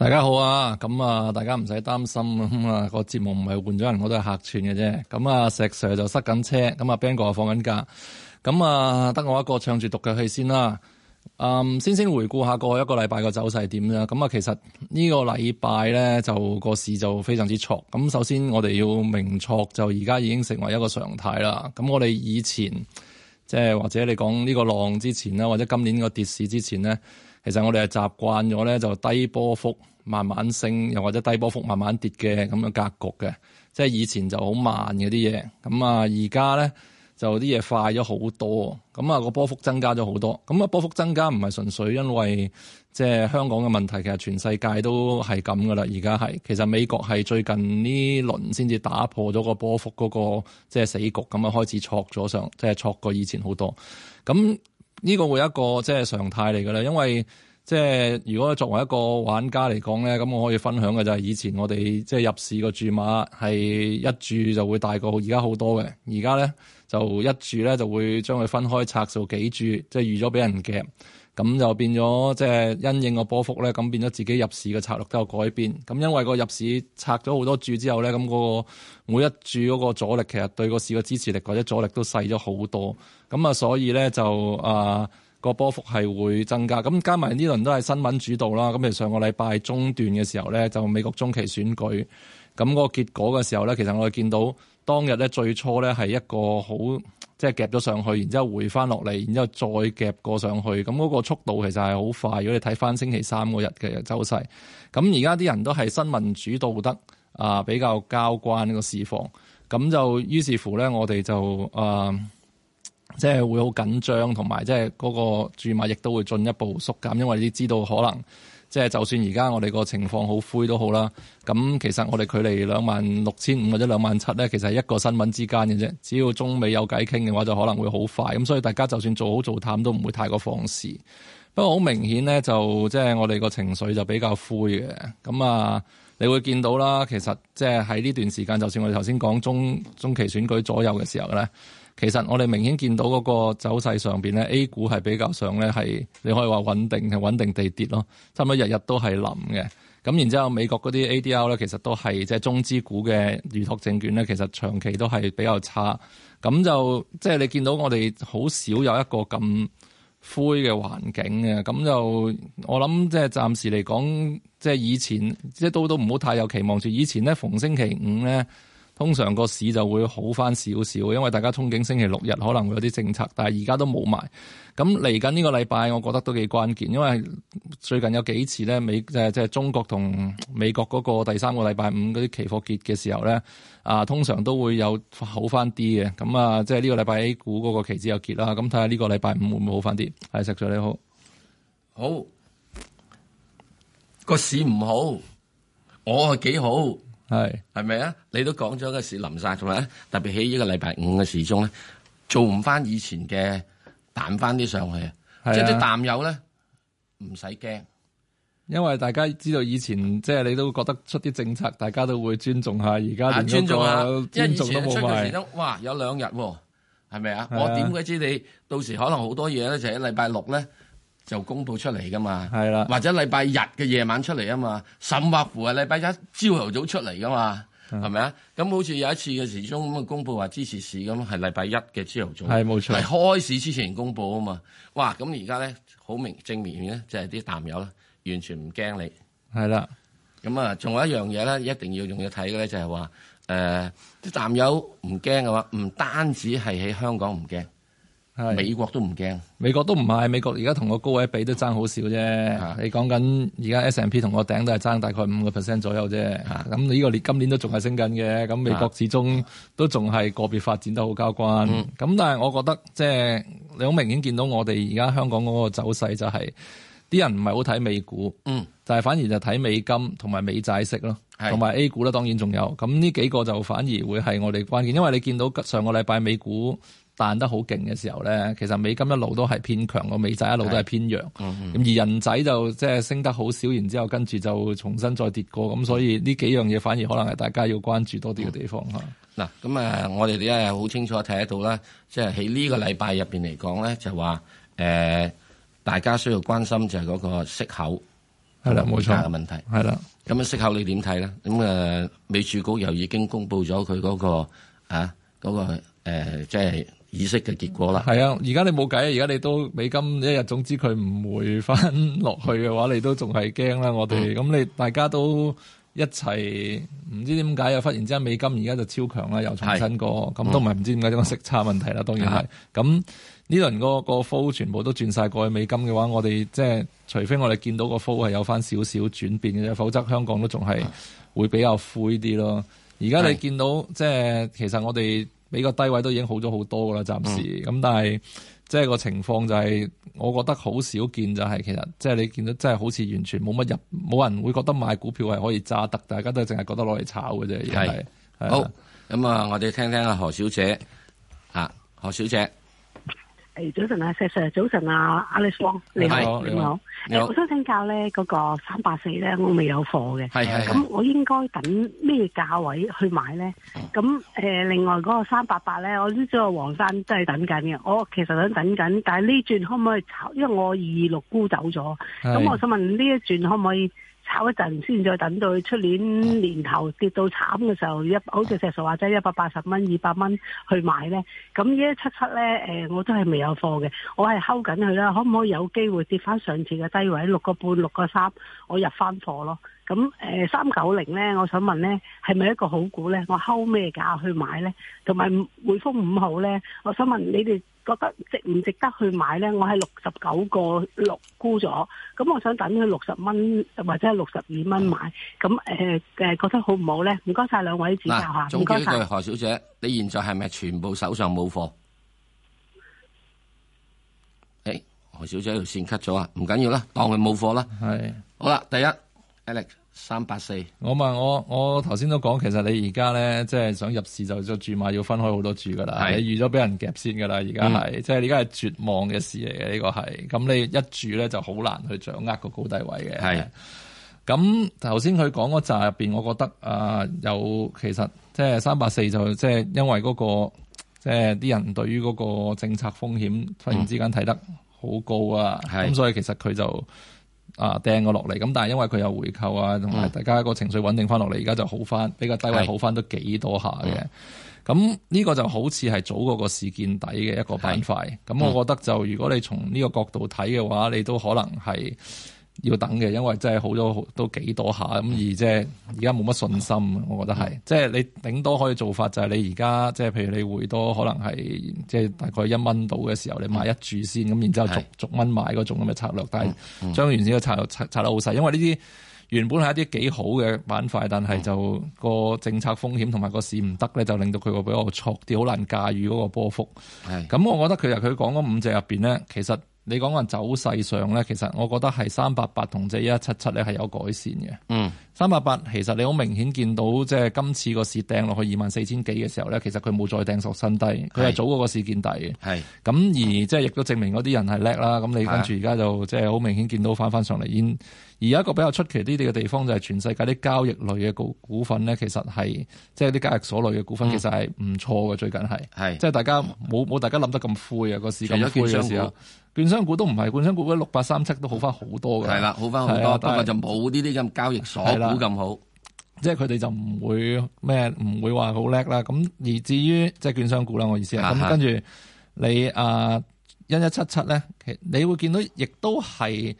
大家好啊！咁啊，大家唔使擔心，咁啊，個節目唔係換咗人，我都係客串嘅啫。咁啊，石 Sir 就塞緊車，咁啊 Ben 哥放緊假，咁啊，得我一個唱住獨腳戲先啦。嗯，先先回顧下過去一個禮拜個走勢點啦。咁啊，其實呢個禮拜咧就個市就非常之挫。咁首先我哋要明確，就而家已經成為一個常態啦。咁我哋以前即係或者你講呢個浪之前啦，或者今年個跌市之前咧。其實我哋係習慣咗咧，就低波幅慢慢升，又或者低波幅慢慢跌嘅咁嘅格局嘅。即係以前就好慢嗰啲嘢，咁啊而家咧就啲嘢快咗好多，咁啊個波幅增加咗好多。咁啊波幅增加唔係純粹因為即係香港嘅問題，其實全世界都係咁噶啦。而家係其實美國係最近呢輪先至打破咗個波幅嗰個即係死局咁啊，開始挫咗上，即係挫過以前好多。咁呢、個會一個即係常態嚟㗎啦，因為即係如果作為一個玩家嚟講咧，咁我可以分享嘅就係以前我哋即係入市個注碼係一注就會大過而家好多嘅。而家咧就一注咧就會將佢分開拆數幾注，即係預咗俾人夾。咁就變咗，即係因應個波幅咧，咁變咗自己入市嘅策略都有改變。咁因為個入市拆咗好多注之後咧，咁嗰個每一注嗰個阻力其實對個市嘅支持力或者阻力都細咗好多。咁啊，所以咧就啊個波幅係會增加。咁加埋呢輪都係新聞主導啦。咁譬如上個禮拜中段嘅時候咧，就美國中期選舉咁嗰個結果嘅時候咧，其實我哋見到。當日咧最初咧係一個好即係夾咗上去，然之後回翻落嚟，然之後再夾過上去，咁嗰個速度其實係好快。如果你睇翻星期三嗰日嘅走勢，咁而家啲人都係新聞主導得啊，比較交關呢個市況，咁就於是乎咧，我哋就啊即係會好緊張，同埋即係嗰個注碼亦都會進一步縮減，因為你知道可能。即係，就算而家我哋個情況好灰都好啦。咁其實我哋距離兩萬六千五或者兩萬七咧，其實係一個新聞之間嘅啫。只要中美有偈傾嘅話，就可能會好快咁。所以大家就算做好做淡都唔會太過放肆。不過好明顯咧，就即係我哋個情緒就比較灰嘅咁啊。你會見到啦，其實即係喺呢段時間，就算我哋頭先講中中期選舉左右嘅時候咧。其實我哋明顯見到嗰個走勢上面咧，A 股係比較上咧係，你可以話穩定，係穩定地跌咯，差唔多日日都係冧嘅。咁然之後，美國嗰啲 ADR 咧，其實都係即係中資股嘅預託證券咧，其實長期都係比較差。咁就即係你見到我哋好少有一個咁灰嘅環境嘅。咁就我諗即係暫時嚟講，即係以前即係都都唔好太有期望住以前咧，逢星期五咧。通常個市就會好翻少少，因為大家憧憬星期六日可能會有啲政策，但係而家都冇埋。咁嚟緊呢個禮拜，我覺得都幾關鍵，因為最近有幾次咧，美即係即係中國同美國嗰個第三個禮拜五嗰啲期貨結嘅時候咧，啊，通常都會有好翻啲嘅。咁啊，即係呢個禮拜 A 股嗰個期指又結啦。咁睇下呢個禮拜五會唔會好翻啲？係石在你好，好個市唔好，我係幾好。係係咪啊？你都講咗個事臨晒，同埋特別喺呢個禮拜五嘅時鐘咧，做唔翻以前嘅彈翻啲上去啊，即係啲淡友咧，唔使驚，因為大家知道以前即係你都覺得出啲政策，大家都會尊重下而家。尊重下，即係以前出嘅時鐘哇有兩日係咪啊？我點解知你到時可能好多嘢咧，就喺禮拜六咧。就公佈出嚟噶嘛係啦，或者禮拜日嘅夜晚出嚟啊嘛，甚或乎係禮拜一朝頭早出嚟噶嘛，係咪啊？咁好似有一次嘅時鐘咁啊，公佈話支持市咁，係禮拜一嘅朝頭早，係冇錯，係開市之前公佈啊嘛。哇！咁而家咧好明正面嘅就係啲淡友啦，完全唔驚你。係啦，咁啊，仲有一樣嘢咧，一定要用要睇嘅咧，就係話誒，啲淡友唔驚嘅話，唔單止係喺香港唔驚。美國都唔驚，美國都唔係，美國而家同個高位比都爭好少啫。你講緊而家 S&P 同個頂都係爭大概五個 percent 左右啫。咁你呢個年今年都仲係升緊嘅。咁美國始終都仲係個別發展得好交關。咁但係我覺得即係、就是、你好明顯見到我哋而家香港嗰個走勢就係、是、啲人唔係好睇美股，嗯，就係反而就睇美金同埋美債息咯，同埋 A 股啦，當然仲有。咁呢幾個就反而會係我哋關鍵，因為你見到上個禮拜美股彈得好勁嘅時候咧，其實美金一路都係偏強，個美債一路都係偏弱。咁而人仔就即係升得好少，然之後跟住就重新再跌過。咁所以呢幾樣嘢反而可能係大家要關注多啲嘅地方嚇。嗱，咁、嗯、啊，我哋而家好清楚睇得到啦，即係喺呢個禮拜入邊嚟講咧，就話、是、誒、就是呃、大家需要關心就係嗰個息口係啦，冇錯嘅問題係啦。咁樣息口你點睇咧？咁啊、呃，美儲局又已經公布咗佢嗰個啊嗰、那個即係。呃就是意識嘅結果啦，係、嗯、啊！而家你冇計啊！而家你都美金一日，總之佢唔回翻落去嘅話，你都仲係驚啦！我哋咁、嗯、你大家都一齊唔知點解又忽然之間美金而家就超強啦，又重新過咁、嗯、都唔係唔知點解一個息差問題啦，當然係咁呢輪、那個個 flow 全部都轉晒過去美金嘅話，我哋即係除非我哋見到個 flow 係有翻少少轉變嘅啫，否則香港都仲係會比較灰啲咯。而家你見到即係其實我哋。比個低位都已經好咗好多噶啦，暫時咁，但係即係個情況就係、是，我覺得好少見就係、是、其實，即係你見到真係好似完全冇乜入，冇人會覺得買股票係可以揸得，大家都淨係覺得攞嚟炒嘅啫。係，好咁啊！我哋聽聽啊，何小姐啊，何小姐。誒，早晨啊，石 Sir，早晨啊，Alex Wong，你好，你好，誒，我想請教咧，嗰、那個三百四咧，我未有貨嘅，咁我應該等咩價位去買咧？咁誒、呃，另外嗰個三百八咧，我呢個黃山真係等緊嘅，我其實想等緊，但係呢一轉可唔可以炒？因為我二六沽走咗，咁我想問呢一轉可唔可以？炒一陣先，再等到佢出年年頭跌到慘嘅時候，一好似石述話齋一百八十蚊、二百蚊去買呢。咁呢一七七呢，誒我都係未有貨嘅，我係睺緊佢啦。可唔可以有機會跌翻上次嘅低位，六個半、六個三，我入翻貨咯。咁誒三九零呢，我想問呢係咪一個好股呢？我睺咩價去買呢？同埋匯豐五號呢，我想問你哋，覺得值唔值得去買咧？我喺六十九個六沽咗，咁我想等佢六十蚊或者係六十二蚊買，咁誒誒覺得好唔好咧？唔該晒兩位指教吓，唔該晒。總結一對何小姐，你現在係咪全部手上冇貨？誒，何小姐條綫 cut 咗啊？唔緊要啦，當佢冇貨啦。係好啦，第一 Alex。三百四，我問我我頭先都講，其實你而家咧，即係想入市就就注碼要分開好多注噶啦，你預咗俾人夾先噶啦，而家係，即係你而家係絕望嘅事嚟嘅，呢、這個係，咁你一注咧就好難去掌握個高低位嘅。係，咁頭先佢講嗰陣入邊，我覺得啊，有其實即係三百四就即係因為嗰、那個，即係啲人對於嗰個政策風險忽然之間睇得好高啊，咁、嗯、所以其實佢就。啊掟咗落嚟，咁但係因為佢有回扣啊，同埋大家個情緒穩定翻落嚟，而、嗯、家就好翻，比較低位好翻都幾多下嘅。咁、嗯、呢個就好似係早嗰個事件底嘅一個板塊。咁我覺得就如果你從呢個角度睇嘅話，你都可能係。要等嘅，因為真係好咗都幾多下咁，而即係而家冇乜信心、嗯，我覺得係、嗯，即係你頂多可以做法就係你而家即係譬如你回多可能係即係大概一蚊到嘅時候，你買一注先，咁然之後逐、嗯、逐蚊買嗰種咁嘅策略，嗯嗯、但係將原先嘅策略拆得好細，因為呢啲原本係一啲幾好嘅板塊，但係就個、嗯嗯、政策風險同埋個市唔得咧，就令到佢個比較錯啲，好難駕馭嗰個波幅。咁、嗯，我覺得其實佢講嗰五隻入邊咧，其實。你講話走勢上咧，其實我覺得係三八八同即一七七咧係有改善嘅。嗯，三八八其實你好明顯見到即係今次個市掟落去二萬四千幾嘅時候咧，其實佢冇再掟索新低，佢係早過個市見底嘅。係，咁而即係亦都證明嗰啲人係叻啦。咁你跟住而家就即係好明顯見到翻翻上嚟。已經而家一個比較出奇啲啲嘅地方，就係、是、全世界啲交易類嘅股股份咧，其實係即係啲交易所類嘅股份，其實係唔錯嘅。最近係、嗯，即係大家冇冇、嗯、大家諗得咁灰啊，個市咁灰嘅時候券，券商股都唔係，券商股咧六八三七都好翻好多嘅，係啦，好翻好多，但係就冇呢啲咁交易所股咁好，即係佢哋就唔會咩，唔會話好叻啦。咁而至於即係券商股啦，我意思係咁、啊，跟住你啊一一七七咧，你會見到亦都係。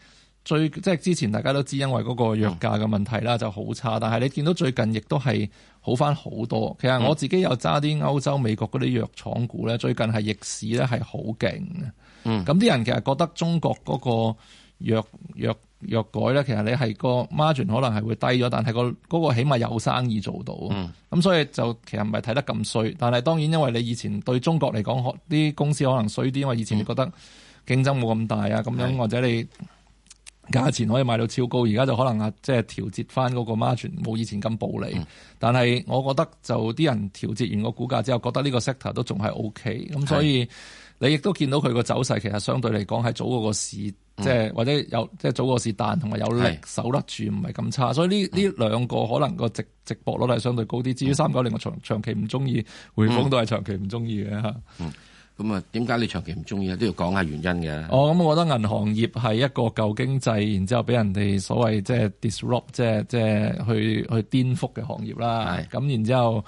最即係之前大家都知，因為嗰個藥價嘅問題啦、嗯，就好差。但係你見到最近亦都係好翻好多。其實我自己有揸啲歐洲、美國嗰啲藥廠股咧，最近係逆市咧係好勁嘅。嗯，咁啲人其實覺得中國嗰個藥藥藥改咧，其實你係個 margin 可能係會低咗，但係、嗰個嗰、嗰個起碼有生意做到。嗯，咁所以就其實唔係睇得咁衰，但係當然因為你以前對中國嚟講，啲公司可能衰啲，因為以前你覺得競爭冇咁大啊，咁、嗯、樣或者你。價錢可以賣到超高，而家就可能啊，即係調節翻嗰個 margin 冇以前咁暴利。嗯、但係我覺得就啲人調節完個股價之後，覺得呢個 sector 都仲係 O K。咁所以你亦都見到佢個走勢，其實相對嚟講係早個個市，即、嗯、係、就是、或者有即係、就是、早個市但同埋有力守得住，唔係咁差。所以呢呢、嗯、兩個可能個值值博率係相對高啲。至於三九零，我長長期唔中意，匯豐都係長期唔中意嘅咁啊，點解你長期唔中意？都要講下原因嘅。哦，咁我覺得銀行業係一個舊經濟，然之後俾人哋所謂即係 disrupt，即係即係去去顛覆嘅行業啦。咁然之後。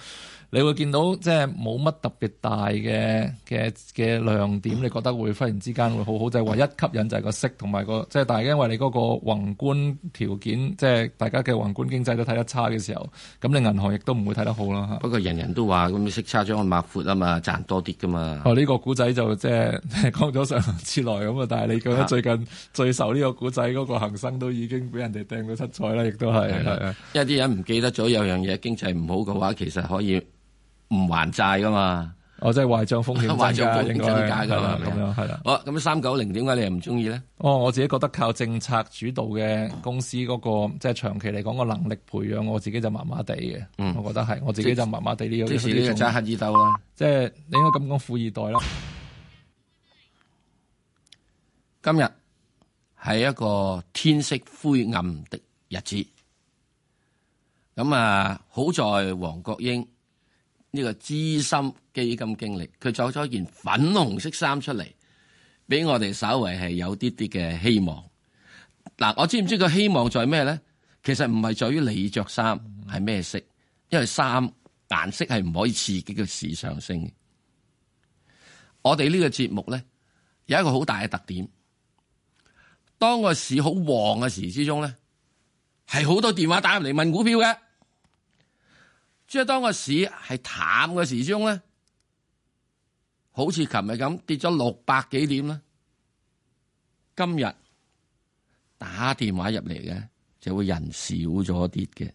你會見到即係冇乜特別大嘅嘅嘅亮點，你覺得會忽然之間會好好？就係、是、唯一吸引就係個息同埋個，即係大家因為你嗰個宏觀條件，即係大家嘅宏觀經濟都睇得差嘅時候，咁你銀行亦都唔會睇得好啦。不過人人都話咁、嗯、息差咗我擘闊啊嘛，賺多啲噶嘛。哦、這個，呢個古仔就即係講咗上次來咁啊，但係你覺得最近最受呢個古仔嗰個恒生都已經俾人哋掟到七彩啦，亦都係，因為啲人唔記得咗有樣嘢，經濟唔好嘅話，其實可以。唔還債噶嘛？哦，即係壞帳風險增加，增加噶嘛？係啦。好，咁三九零點解你又唔中意咧？哦，我自己覺得靠政策主導嘅公司嗰個，即係長期嚟講個能力培養，我自己就麻麻地嘅。嗯，我覺得係，我自己就麻麻地啲。即時啲債黑二鬥啦，即係你應該咁講富二代咯。今日係一個天色灰暗的日子。咁啊，好在黃國英。呢、個資深基金經理，佢着咗件粉紅色衫出嚟，俾我哋稍為係有啲啲嘅希望。嗱，我知唔知個希望在咩咧？其實唔係在於你着衫係咩色，因為衫顏色係唔可以刺激個市上升。我哋呢個節目咧有一個好大嘅特點，當個市好旺嘅時之中咧，係好多電話打入嚟問股票嘅。即係當個市係淡嘅時鐘咧，好似琴日咁跌咗六百幾點啦。今日打電話入嚟嘅就會人少咗啲嘅。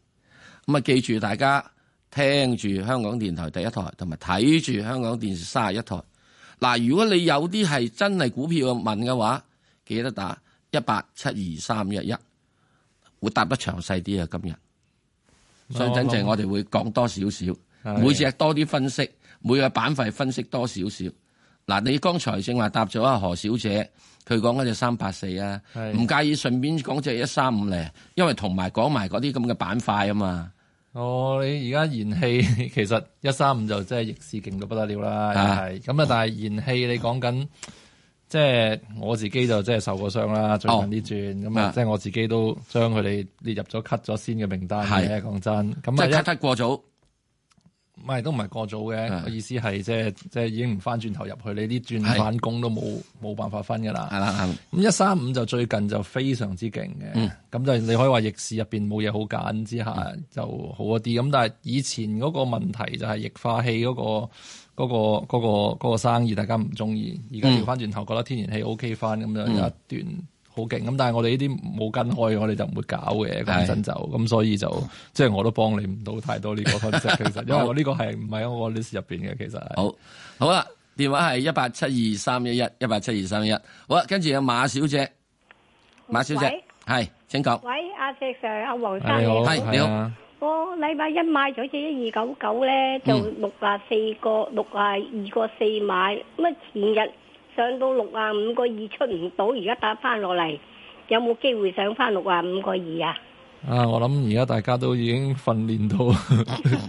咁啊，記住大家聽住香港電台第一台，同埋睇住香港電視三十一台。嗱，如果你有啲係真係股票嘅問嘅話，記得打一八七二三一一，1872311, 會答得詳細啲啊。今日。哦、所以等陣我哋會講多少少，每次係多啲分析，每個板塊分析多少少。嗱，你剛才正話答咗阿何小姐，佢講緊隻三八四啊，唔介意順便講隻一三五咧，因為同埋講埋嗰啲咁嘅板塊啊嘛。哦，你而家燃氣其實一三五就真係逆市勁到不得了啦，係咁啊！但係燃氣你講緊。即係我自己就即係受過傷啦，最近啲轉咁啊，即係我自己都將佢哋列入咗 cut 咗先嘅名單嘅。講真，咁啊，即係 cut cut 過早，唔係都唔係過早嘅。我意思係即係即係已經唔翻轉頭入去，你啲轉反工都冇冇辦法分㗎啦。係啦，咁一三五就最近就非常之勁嘅。咁、嗯、就你可以話逆市入面冇嘢好揀之下就好一啲。咁、嗯、但係以前嗰個問題就係液化器嗰、嗰個。嗰、嗰個嗰嗰、嗰個嗰個、生意，大家唔中意。而家調翻轉頭，覺得天然氣 O K 翻咁樣有一段好勁。咁但係我哋呢啲冇跟開，我哋就唔會搞嘅咁樣就，咁所以就、嗯、即係我都幫你唔到太多呢個分析。 其實因為我呢個係唔喺我 list 入面嘅。其實好好啦，電話係一八七二三一一一八七二三一一。好啦，跟住有馬小姐，馬小姐係請講。喂，阿石 Sir，阿黃生，哎，你好。我禮拜一買咗隻一二九九咧，就六啊四個六啊二個四買，咁啊前日上到六啊五個二出唔到，而家打翻落嚟，有冇機會上翻六啊五個二啊？啊，我諗而家大家都已經訓練到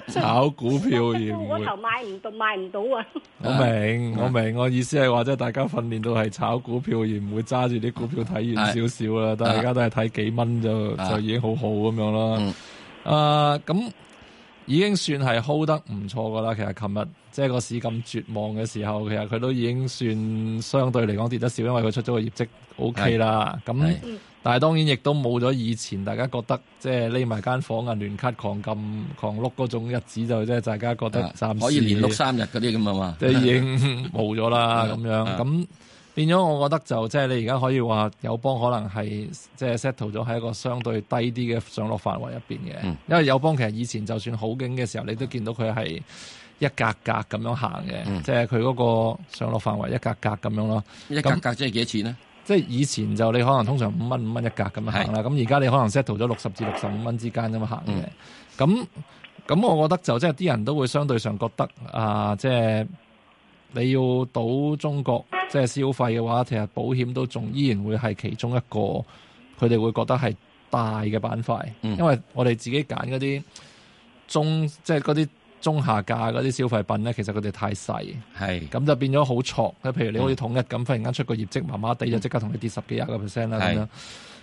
炒股票而唔會我頭買唔到賣唔到啊！我明我明，我意思係話即係大家訓練到係炒股票而唔會揸住啲股票睇完少少啦，但係而家都係睇幾蚊就就已經好好咁樣啦。啊、uh，咁已經算係 hold 得唔錯噶啦。其實琴日，即係個市咁絕望嘅時候，其實佢都已經算相對嚟講跌得少，因為佢出咗個業績 OK 啦。咁，但係當然亦都冇咗以前大家覺得即係匿埋間房銀聯卡，狂撳狂碌嗰種日子，就即、是、係大家覺得暫時可以連碌三日嗰啲咁啊嘛，即、就、係、是、已經冇咗啦咁樣咁。變咗，我覺得就即係你而家可以話友邦可能係即係 settle 咗喺一個相對低啲嘅上落範圍入邊嘅。因為友邦其實以前就算好勁嘅時候，你都見到佢係一格格咁樣行嘅，即係佢嗰個上落範圍一格格咁樣咯。一格格即係幾錢呢？即係以前就你可能通常五蚊五蚊一格咁樣行啦。咁而家你可能 settle 咗六十至六十五蚊之間咁樣行嘅。咁咁，我覺得就即係啲人都會相對上覺得啊，即係。你要到中國即係消費嘅話，其實保險都仲依然會係其中一個，佢哋會覺得係大嘅板塊，嗯，因為我哋自己揀嗰啲中即係啲中下價嗰啲消費品咧，其實佢哋太細，係咁就變咗好挫。譬如你好似統一咁，忽、嗯、然間出個業績麻麻地，就即刻同佢跌十幾廿個 percent 啦，咁樣。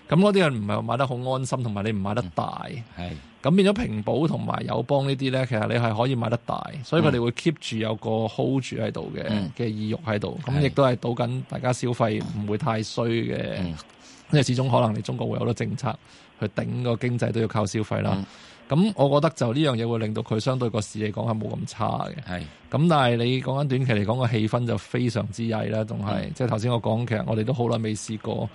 咁嗰啲人唔係買得好安心，同埋你唔買得大，係、嗯、咁變咗平保同埋友邦呢啲咧，其實你係可以買得大，所以佢哋會 keep 住有個 hold 住喺度嘅嘅意欲喺度，咁亦都係賭緊大家消費唔會太衰嘅，因、嗯、為始終可能你中國會有好多政策去頂個經濟，都要靠消費啦。咁、嗯、我覺得就呢樣嘢會令到佢相對個市嚟講係冇咁差嘅。係、嗯，咁但係你講緊短期嚟講個氣氛就非常之曳啦，仲係、嗯、即係頭先我講，其實我哋都好耐未試過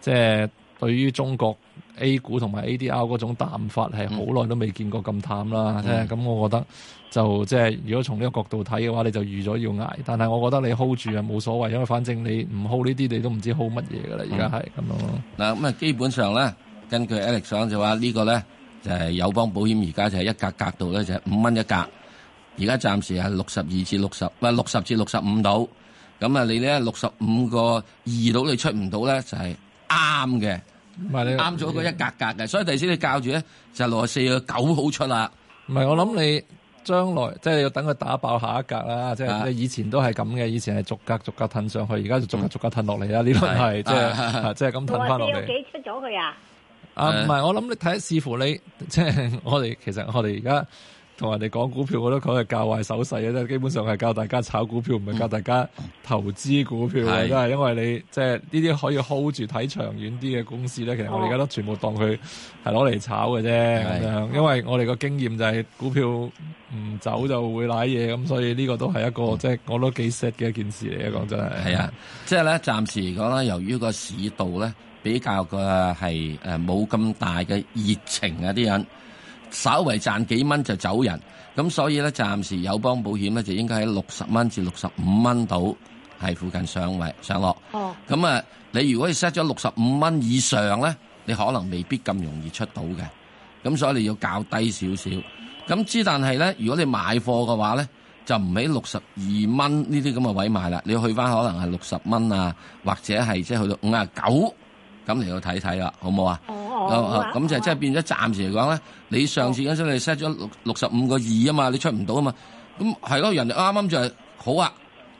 即係。對於中國 A 股同埋 ADR 嗰種淡法係好耐都未見過咁淡啦，即係咁，嗯、我覺得就即係、就是、如果從呢個角度睇嘅話，你就預咗要挨。但係我覺得你 hold 住係冇所謂，因為反正你唔 hold 呢啲，你都唔知 hold 乜嘢㗎啦。而家係咁咯。嗱咁啊，基本上咧，根據 Alex 講、這個、就話呢個咧就係友邦保險而家就係一格格，格度咧就係五蚊一格。而家暫時係六十二至六十、嗯，唔六十至六十五度。咁啊，你咧六十五個二度你出唔到咧就係、是。啱嘅，唔係你啱咗個一格格嘅，所以第時你教住咧就六十四個九好出啦。唔係我諗你將來即係你要等佢打爆下一格啦，即係你以前都係咁嘅，以前係逐格逐格褪上去，嗯，而家就逐格逐格褪落嚟啦。呢個係即係即係咁褪翻落嚟。我幾出咗佢啊？啊唔係，我諗你睇，視乎你即係我哋其實我哋而家。同人哋講股票，我都講係教壞手勢嘅啫。基本上係教大家炒股票，唔係教大家投資股票嘅。都、嗯、因為你即係呢啲可以 hold 住睇長遠啲嘅公司咧。其實我哋而家都全部當佢係攞嚟炒嘅啫。咁、嗯嗯、因為我哋個經驗就係股票唔走就會瀨嘢，咁所以呢個都係一個即係、嗯、我都幾 sad 嘅一件事嚟嘅。講真係，係啊，即係咧，暫時嚟講啦由於個市道咧比較嘅係誒冇咁大嘅熱情啊，啲人。稍為賺幾蚊就走人，咁所以咧，暫時友邦保險咧就應該喺六十蚊至六十五蚊度係附近上位。上落。哦、啊，咁啊，你如果 set 咗六十五蚊以上咧，你可能未必咁容易出到嘅。咁所以你要較低少少。咁之但係咧，如果你買貨嘅話咧，就唔喺六十二蚊呢啲咁嘅位買啦。你要去翻可能係六十蚊啊，或者係即係去到五啊九。咁嚟去睇睇啦，好唔好啊？哦咁就即係變咗，暫時嚟講咧，你上次嗰陣你 set 咗六六十五個二啊嘛，你出唔到啊嘛，咁係咯，人啱啱就係、是、好啊，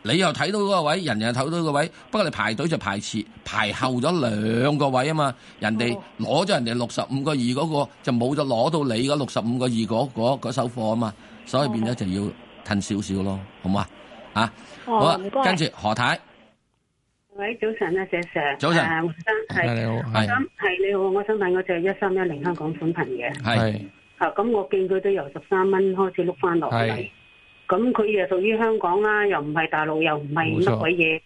你又睇到嗰個位，人又睇到個位，不過你排隊就排遲排後咗兩個位啊嘛，人哋攞咗人哋六十五個二嗰個，就冇咗攞到你嗰六十五個二嗰嗰手貨啊嘛，所以變咗就要吞少少咯，好嘛？啊，好啊，跟、oh，住何太。喂，早晨咧，謝 Sir，早晨，黃生，係你好，係你好，我想問嗰隻一三一零香港寬頻嘅，係，啊，咁我見佢都由十三蚊開始，碌翻落嚟，係，咁佢又屬於香港啦，又唔係大陸，又唔係乜鬼嘢，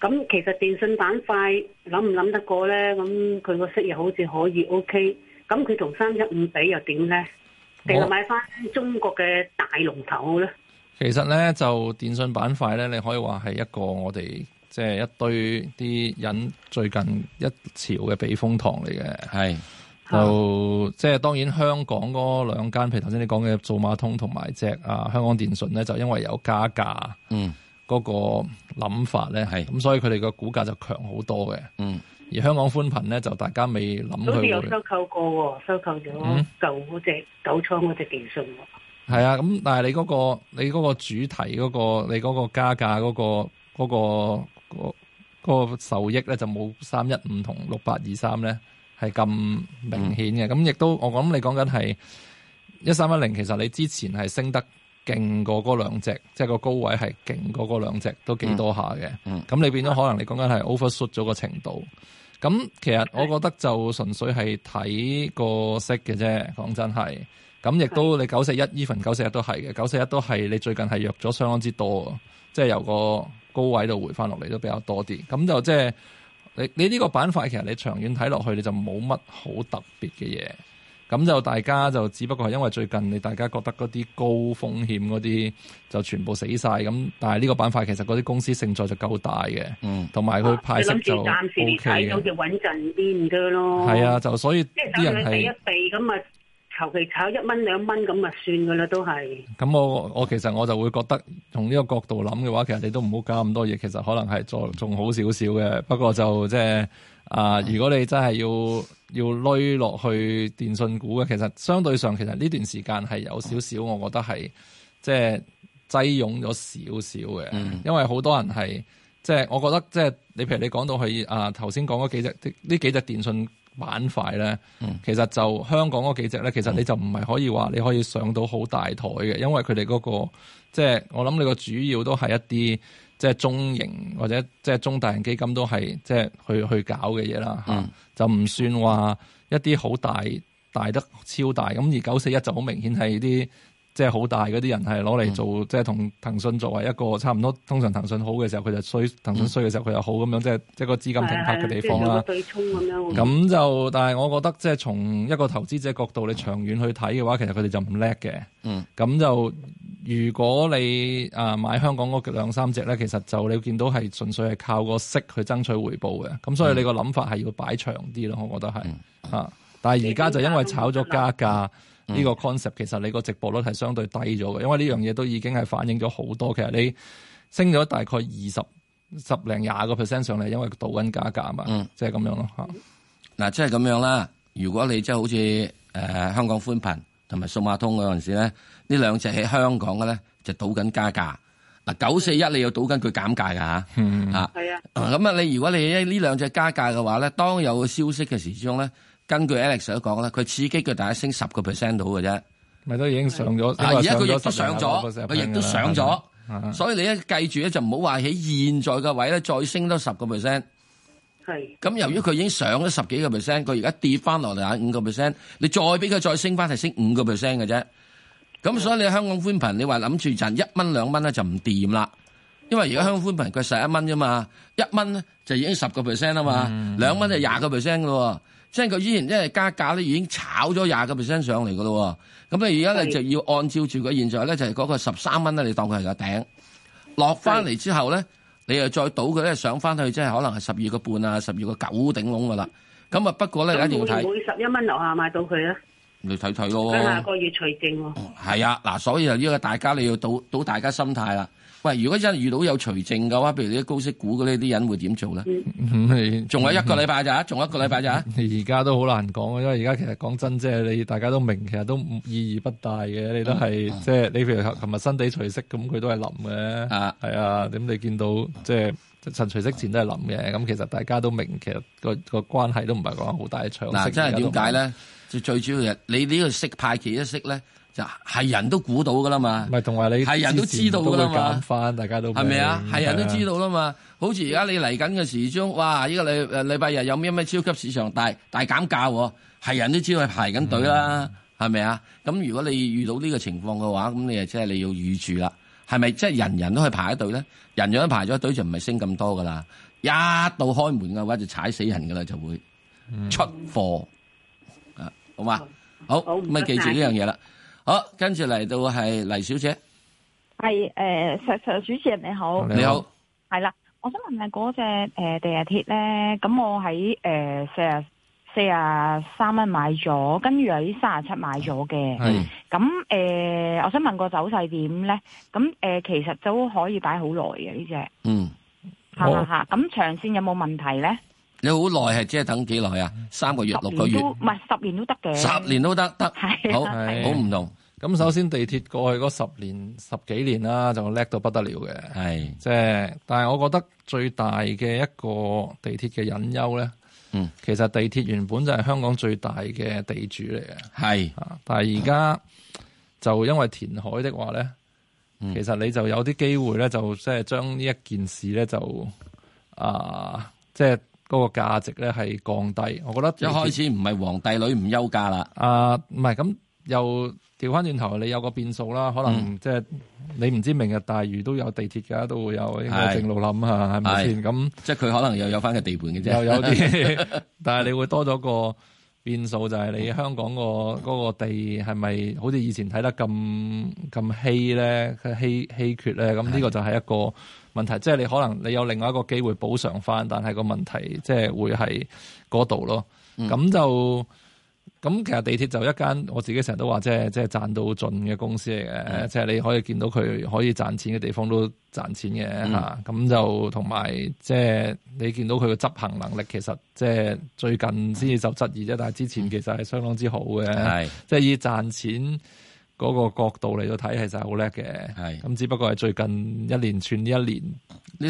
咁其實電信板塊諗唔諗得過咧？咁佢個息又好似可以 OK，咁佢同三一五比又點咧？定係買翻中國嘅大龍頭咧？其實咧就電信板塊咧，你可以話係一個我哋。即、就、係、是、一堆啲人最近一潮嘅避風塘嚟嘅。係，就、啊、即係當然香港嗰兩間，譬如頭先你講嘅數碼通同埋隻啊香港電訊咧，就因為有加價，嗯，嗰個諗法咧，係，咁所以佢哋嘅股價就強好多嘅。嗯，而香港寬頻咧就大家未諗到，有收購過喎、哦，收購咗九嗰隻九倉嗰隻電訊喎，係啊，咁但係你嗰、那個你嗰個主題嗰、那個你嗰個加價嗰嗰個。那個那個個受益咧就冇三一五同六八二三咧係咁明顯嘅，咁、嗯、亦都我諗你講緊係一三一零，其實你之前係升得勁過嗰兩隻，即係個高位係勁過嗰兩隻都幾多下嘅。咁、嗯嗯、你變咗可能你講緊係 overshoot 咗個程度。咁其實我覺得就純粹係睇個色嘅啫，講真係。咁亦都你九四一 even 九四一都係嘅，九四一都係你最近係弱咗相當之多，即、就、係、是、由個。高位度回翻落嚟都比較多啲，咁就即係你你，呢個板塊其實你長遠睇落去你就冇乜好特別嘅嘢。咁就大家就只不過係因為最近你大家覺得嗰啲高風險嗰啲就全部死晒。咁，但係呢個板塊其實嗰啲公司勝在就夠大嘅，嗯，同埋佢派息就 OK 嘅，啊，暫時睇到就穩陣啲咁咯。係啊，就所以即係等佢避一避咁啊。求其炒一蚊兩蚊咁咪算噶啦，都係。咁我我其實我就會覺得，從呢個角度諗嘅話，其實你都唔好搞咁多嘢，其實可能係再仲好少少嘅。不過就即係啊，如果你真係要要落去電信股嘅，其實相對上其實呢段時間係有少少、嗯，我覺得係即係擠擁咗少少嘅，因為好多人係即係我覺得即係你譬如你講到佢啊頭先講嗰幾隻呢幾隻電信。板塊咧，其實就香港嗰幾隻咧，其實你就唔係可以話你可以上到好大台嘅，因為佢哋嗰個即係我諗你個主要都係一啲即係中型或者即係中大型基金都係即係去去搞嘅嘢啦，嗯、就唔算話一啲好大大得超大咁，而九四一就好明顯係啲。即係好大嗰啲人係攞嚟做，嗯、即係同騰訊作為一個差唔多，通常騰訊好嘅時候佢就衰，騰訊衰嘅時候佢又好咁樣，即係即係個資金停泊嘅地方啦。咁、嗯嗯、就，但係我覺得即係從一個投資者角度，你長遠去睇嘅話，其實佢哋就唔叻嘅。嗯，咁就如果你啊買香港嗰兩三隻咧，其實就你會見到係純粹係靠個息去爭取回報嘅。咁所以你個諗法係要擺長啲咯，我覺得係吓、嗯。但係而家就因為炒咗加價。呢、嗯，這個 concept 其實你個直播率係相對低咗嘅，因為呢樣嘢都已經係反映咗好多。其實你升咗大概二十十零廿個 percent 上嚟，因為倒緊加價啊嘛，嗯，即係咁樣咯嚇嗱，即係咁樣啦。如果你即係好似誒、呃、香港寬頻同埋數碼通嗰陣時咧，呢兩隻喺香港嘅咧就倒緊加價。嗱九四一你又倒緊佢減價㗎嚇嚇，係、呃嗯、啊。咁啊，你如果你呢兩隻加價嘅話咧，當有消息嘅時鐘咧。根據 Alex 所講咧，佢刺激佢大家升十個 percent 到嘅啫，咪都已經上咗。而家佢亦都上咗，佢亦都上咗。所以你一記住咧，就唔好話喺現在嘅位咧，再升多十個 percent。係。咁由於佢已經上咗十幾個 percent，佢而家跌翻落嚟五個 percent，你再俾佢再升翻，係升五個 percent 嘅啫。咁所以你香港寬頻，你話諗住賺一蚊兩蚊咧就唔掂啦，因為而家香港寬頻佢係十一蚊啫嘛，一蚊咧就已經十個 percent 啊嘛，兩蚊就廿個 percent 嘅喎。即係佢依然因為加價咧，已經炒咗廿個 percent 上嚟噶咯。咁你而家你就要按照住佢現在咧，就係嗰個十三蚊啦。你當佢係個頂，落翻嚟之後咧，你又再倒佢咧上翻去，即係可能係十二個半啊，十二個九頂籠噶啦。咁啊，不過咧一定要睇。每十一蚊樓下買到佢啊，你睇睇咯。下個月除淨喎。係啊，嗱，所以就依個大家你要倒倒大家心態啦。喂，如果真係遇到有除淨嘅話，譬如啲高息股嗰啲，啲人會點做咧？仲 有一個禮拜咋？仲一個禮拜咋？而 家都好難講啊，因為而家其實講真的，即係你大家都明，其實都意義不大嘅。你都係、嗯嗯、即係，你譬如琴日新地除息，咁佢都係冧嘅。啊，係啊，咁、嗯嗯、你見到即係陳除息前都係冧嘅。咁其實大家都明，其實個個關係都唔係講好大嘅場。嗱、啊，真係點解咧？最最主要係你呢個息派期一息咧。就係、是、人都估到噶啦嘛，咪同埋你係人都知道噶啦嘛，係咪啊？係人都知道啦嘛。好似而家你嚟緊嘅時鐘，哇！依、呢個禮拜日有咩咩超級市場大大減價喎，係人都知道排緊隊啦，係咪啊？咁如果你遇到呢個情況嘅話，咁你誒即係你要預住啦。係咪即係人人都去排一隊咧？人都排咗隊就唔係升咁多噶啦。一到開門嘅話就踩死人噶啦，就會出貨、嗯、啊！好嘛，好咁啊，記住呢樣嘢啦。好，跟住嚟到係黎小姐，係誒，實、呃、實，主持人你好，你好，係啦，我想問下嗰隻誒、呃、地下鐵咧，咁我喺誒四啊四啊三蚊買咗，跟住喺三啊七買咗嘅，咁誒、呃，我想問個走勢點咧？咁誒、呃，其實都可以擺好耐嘅呢隻，嗯，係行吓？咁長線有冇問題咧？你好耐係即係等幾耐啊？三個月、都六個月，唔係十年都得嘅，十年都得，得，好， 好唔同。咁首先地鐵過去嗰十年十幾年啦，就叻到不得了嘅。係，即、就、係、是，但係我覺得最大嘅一個地鐵嘅隱憂咧，嗯，其實地鐵原本就係香港最大嘅地主嚟嘅。係，啊，但係而家就因為填海嘅話咧、嗯，其實你就有啲機會咧，就即係將呢一件事咧、啊，就啊，即係嗰個價值咧係降低。我覺得一開始唔係皇帝女唔憂嫁啦。啊，唔係咁又。調翻轉頭，你有個變數啦，可能即、就、係、是嗯、你唔知明日大嶼都有地鐵嘅，都會有應該正路諗下係咪先？咁即係佢可能有有又有翻個地盤嘅啫，又有啲，但係你會多咗個變數，就係、是、你香港個嗰個地係咪好似以前睇得咁咁稀咧？稀稀缺咧？咁呢個就係一個問題，即係你可能你有另外一個機會補償翻，但係個問題即係會係嗰度咯。咁、嗯、就。咁其實地鐵就一間我自己成日都話，即係即係賺到盡嘅公司嚟嘅，即係、即係、你可以見到佢可以賺錢嘅地方都賺錢嘅，咁、嗯、就同埋即係你見到佢嘅執行能力，其實即係最近先至受質疑啫、嗯。但係之前其實係相當之好嘅，即係、即係、以賺錢嗰個角度嚟到睇，其實係好叻嘅。咁，只不過係最近一連串呢一年，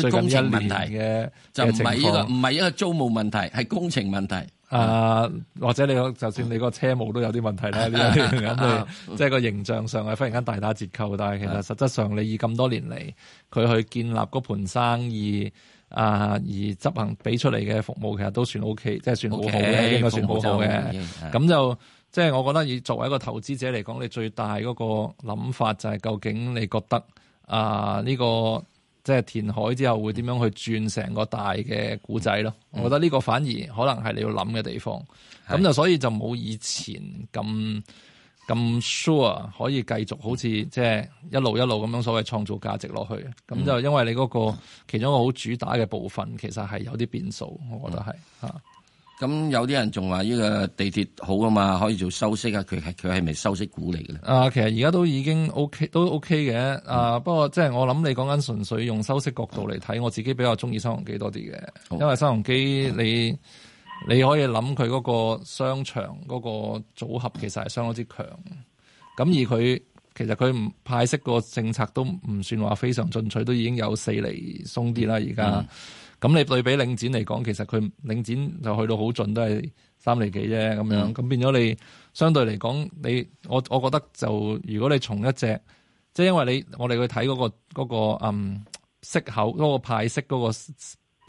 最、呢、近、個、工程問題嘅就唔係呢個，唔係一個租務問題，係工程問題。啊，或者你就算你個車模都有啲問題啦，呢樣嘢即係個形象上啊，忽然間大打折扣。但係其實實質上你以咁多年嚟，佢去建立嗰盤生意啊，而執行俾出嚟嘅服務，其實都算 OK，即係算好 okay, 算好嘅，應該算好好嘅。咁就即係、就是、我覺得以作為一個投資者嚟講，你最大嗰個諗法就係究竟你覺得啊呢、呢個？即係填海之後會點樣去轉成個大嘅古仔咯。我覺得呢個反而可能係你要諗嘅地方、嗯。咁就所以就冇以前咁咁 sure 可以繼續好似即係一路一路咁樣所謂創造價值落去、嗯。咁就因為你嗰個其中一個好主打嘅部分其實係有啲變數，我覺得係嚇。嗯啊咁有啲人仲話呢個地鐵好啊嘛，可以做收息啊，佢係佢係咪收息股嚟嘅咧？啊，其實而家都已經 O、OK, K，都 O K 嘅。啊，不過即、就、係、是、我諗你講緊純粹用收息角度嚟睇、啊，我自己比較中意收紅基多啲嘅，因為收紅基、嗯、你你可以諗佢嗰個商場嗰、那個組合其實係相當之強。咁、嗯、而佢其實佢派息個政策都唔算話非常進取，都已經有四厘鬆啲啦，而、嗯、家。咁你對比領展嚟講，其實佢領展就去到好盡，都係三厘幾啫咁樣。咁變咗你相對嚟講，你我我覺得就如果你從一隻，即係因為你我哋去睇嗰個嗰個嗯息口嗰個派息嗰個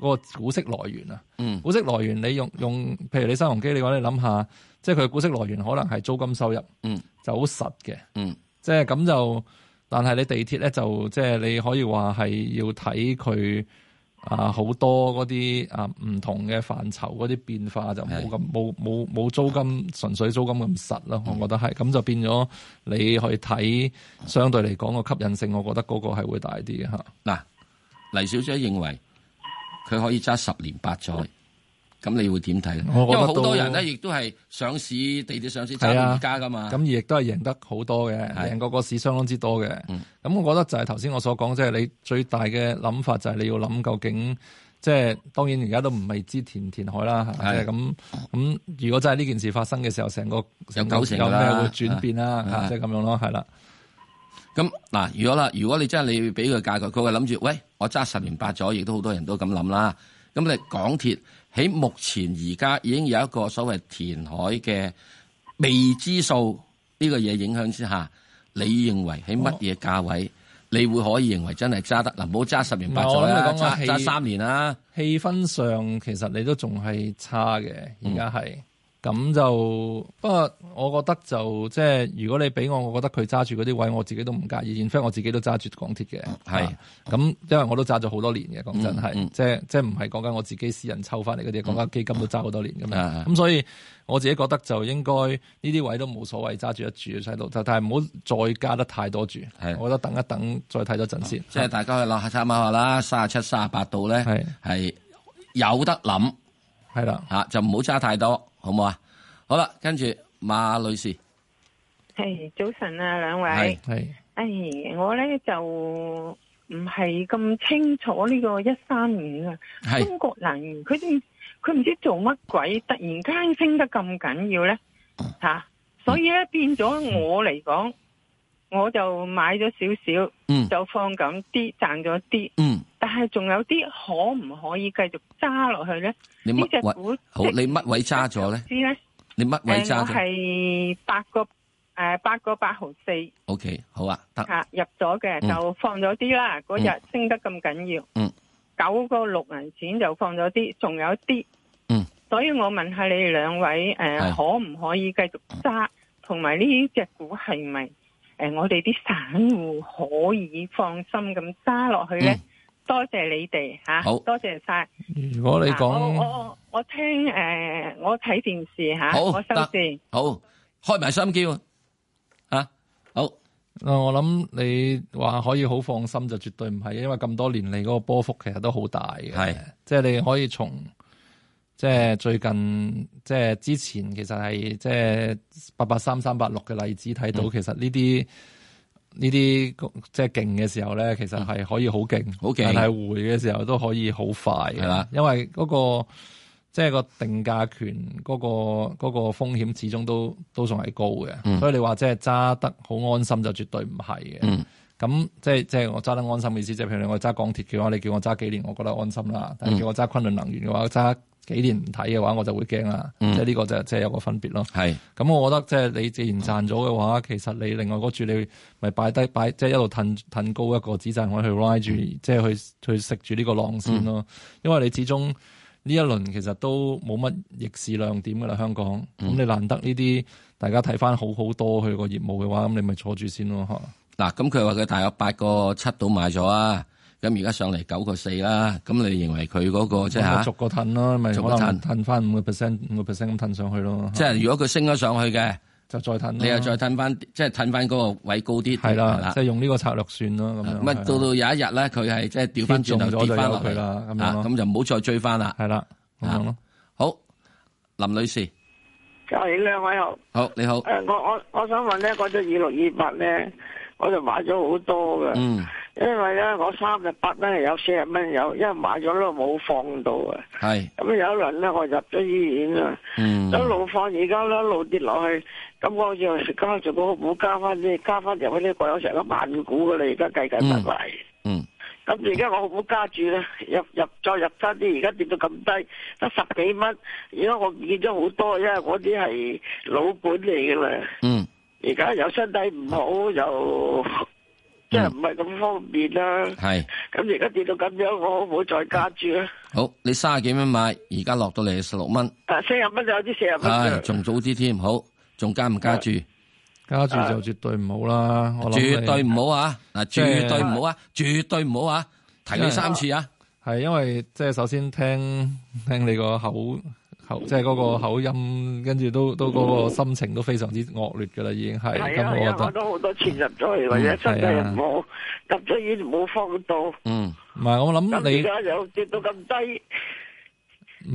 嗰個股息來源啊、嗯，股息來源你用用，譬如你新鴻基你話，你諗下，即係佢股息來源可能係租金收入，嗯、就好實嘅、嗯。即係咁就，但係你地鐵咧就即係你可以話係要睇佢。啊！好多嗰啲啊唔同嘅範疇嗰啲變化就冇咁冇冇冇租金，純粹租金咁實咯。我覺得係咁就變咗你去睇，相對嚟講，個吸引性我覺得嗰個係會大啲嘅吓。嗱，黎小姐認為，佢可以揸十年八載。咁你會點睇？因為好多人咧，亦都係上市、地鐵上市揸住而家噶嘛。咁亦都係贏得好多嘅，贏過個市相當之多嘅。咁、嗯、我覺得就係頭先我所講，即係你最大嘅諗法就係你要諗究竟，即係當然而家都唔係知填唔填海啦。係咁咁，如果真係呢件事發生嘅時候，成個，個有九成九會轉變啦？即係咁樣咯，係啦。咁嗱，如果啦，如果你真係你要俾佢，價佢，佢會諗住，喂，我揸十年八載，亦都好多人都咁諗啦。咁你港鐵？喺目前而家已經有一個所謂填海嘅未知數呢個嘢影響之下，你認為喺乜嘢價位，你會可以認為真係揸得？嗱，唔好揸十年八年啦，揸三年啦。氣氛上其實你都仲係差嘅，而家係。咁就不過，我覺得就即係如果你俾我，我覺得佢揸住嗰啲位，我自己都唔介意。然非我自己都揸住港鐵嘅，係咁、啊，因為我都揸咗好多年嘅。講真係、嗯嗯，即係即係唔係講緊我自己私人抽翻嚟嗰啲，講緊基金都揸好多年㗎嘛。咁、嗯嗯、所以我自己覺得就應該呢啲位都冇所謂揸住一住喺度，但係唔好再加得太多住。係，我覺得等一等再睇多陣先。即係大家去落下參考下啦，三十七、三十八度咧係有得諗係啦，就唔好揸太多。好唔好啊？好啦，跟住馬女士，係、hey, 早晨啊，兩位係，係，哎、hey，我咧就唔係咁清楚呢個一三五啊，中國能源佢哋佢唔知做乜鬼，突然間升得咁緊要咧吓，所以咧變咗我嚟講， 我就買咗少少，就放咁啲，賺咗啲。 但係仲有啲可唔可以繼續揸落去咧？呢隻股好，你乜位揸咗咧？知咧？你乜位揸、呃？我係八個誒，八個八毫四。O、okay, K，好啊，得。吓、啊、入咗嘅、嗯、就放咗啲啦。嗰日升得咁緊要。嗯。九個六銀錢就放咗啲，仲有啲。嗯。所以我問下你哋兩位誒、呃，可唔可以繼續揸？同埋呢隻股係咪誒，我哋啲散戶可以放心咁揸落去咧？嗯多謝你哋吓，多謝晒、嗯。如果你講我我我聽誒，我睇電視吓，我收線。好，開埋心機啊，好。我諗你話可以好放心，就絕對唔係，因為咁多年嚟嗰個波幅其實都好大嘅。係，即係你可以從即係最近，即係之前，其實係 883, 的、嗯，其實係即係八八三三八六嘅例子睇到，其實呢啲。呢啲即係勁嘅時候咧，其實係可以好勁、嗯，但係回嘅時候都可以好快嘅。係啦，因為嗰、嗰個即係、就是、個定價權、嗰個，嗰個嗰個風險始終都都仲係高嘅、嗯。所以你話即係揸得好安心就絕對唔係嘅。咁即係即係我揸得安心嘅意思，即係譬如你我揸港鐵嘅話，你叫我揸幾年，我覺得安心啦。但係叫我揸昆侖能源嘅話，揸。幾年唔睇嘅話，我就會驚啦、嗯。即係呢個就即係有個分別咯。咁，我覺得即係你既然賺咗嘅話、嗯，其實你另外嗰注你咪擺低擺，即係一路騰騰高一個指數，我去 ride 住，即係去去食住呢個浪先咯、嗯。因為你始終呢一輪其實都冇乜逆市亮點㗎啦，香港。咁、嗯、你難得呢啲大家睇翻好好多佢個業務嘅話，咁你咪坐住先咯嗱，咁佢話佢大約八個七度買咗啊。咁而家上嚟九個四啦，咁你認為佢嗰，那個即係逐個褪咯，咪逐個褪褪翻五個 percent，五個 percent 咁褪上去咯。即係如果佢升咗上去嘅，就再褪。你又再褪翻，嗯，即係褪翻嗰個位高啲。係啦，即係，就是，用呢個策略算咯咁樣。乜，嗯、到到有一日咧，佢係即係掉翻轉頭跌翻落去啦。咁咯，咁就唔好再追翻啦。係啦，咯。好，林女士，就係兩位好。好，你好。我我我想問咧，嗰隻二六二八咧，我就買咗好多㗎。嗯。因為咧，我三十八蚊有，四十蚊有，因為買咗咧冇放到啊。係。咁有一輪咧，我入咗醫院啦。嗯。一路放而家咧，一路下跌落去，咁我又加咗股股加翻啲，加翻入去呢，共有成一萬股噶啦，而家計緊得嚟。嗯。咁而家我好加住咧，入入再入翻啲，而家跌到咁低，得十幾蚊。而家我見咗好多，因為嗰啲係老本嚟噶啦。嗯。而家又身體唔好又。嗯嗯、即係唔係咁方便啦、啊，係咁而家跌到咁樣，我可唔可以再加注？啊？好，你三十幾蚊買，而家落到嚟十六蚊，誒、啊，四廿蚊就有啲四廿蚊，係、哎，仲早啲添，好仲加唔加注？加注就絕對唔好啦、啊，我諗絕對唔好啊，嗱、就是啊，絕對唔好啊，絕對唔好啊，提你三次啊，係因為即係首先聽聽你個口。即係嗰個口音，嗯、跟住都都個心情都非常之惡劣噶啦，已經係咁，嗯、係我覺得。我都好多錢入咗嚟，而且真係冇入咗嘢，冇、嗯、放到。嗯，唔係，我諗你。而家又跌到咁低，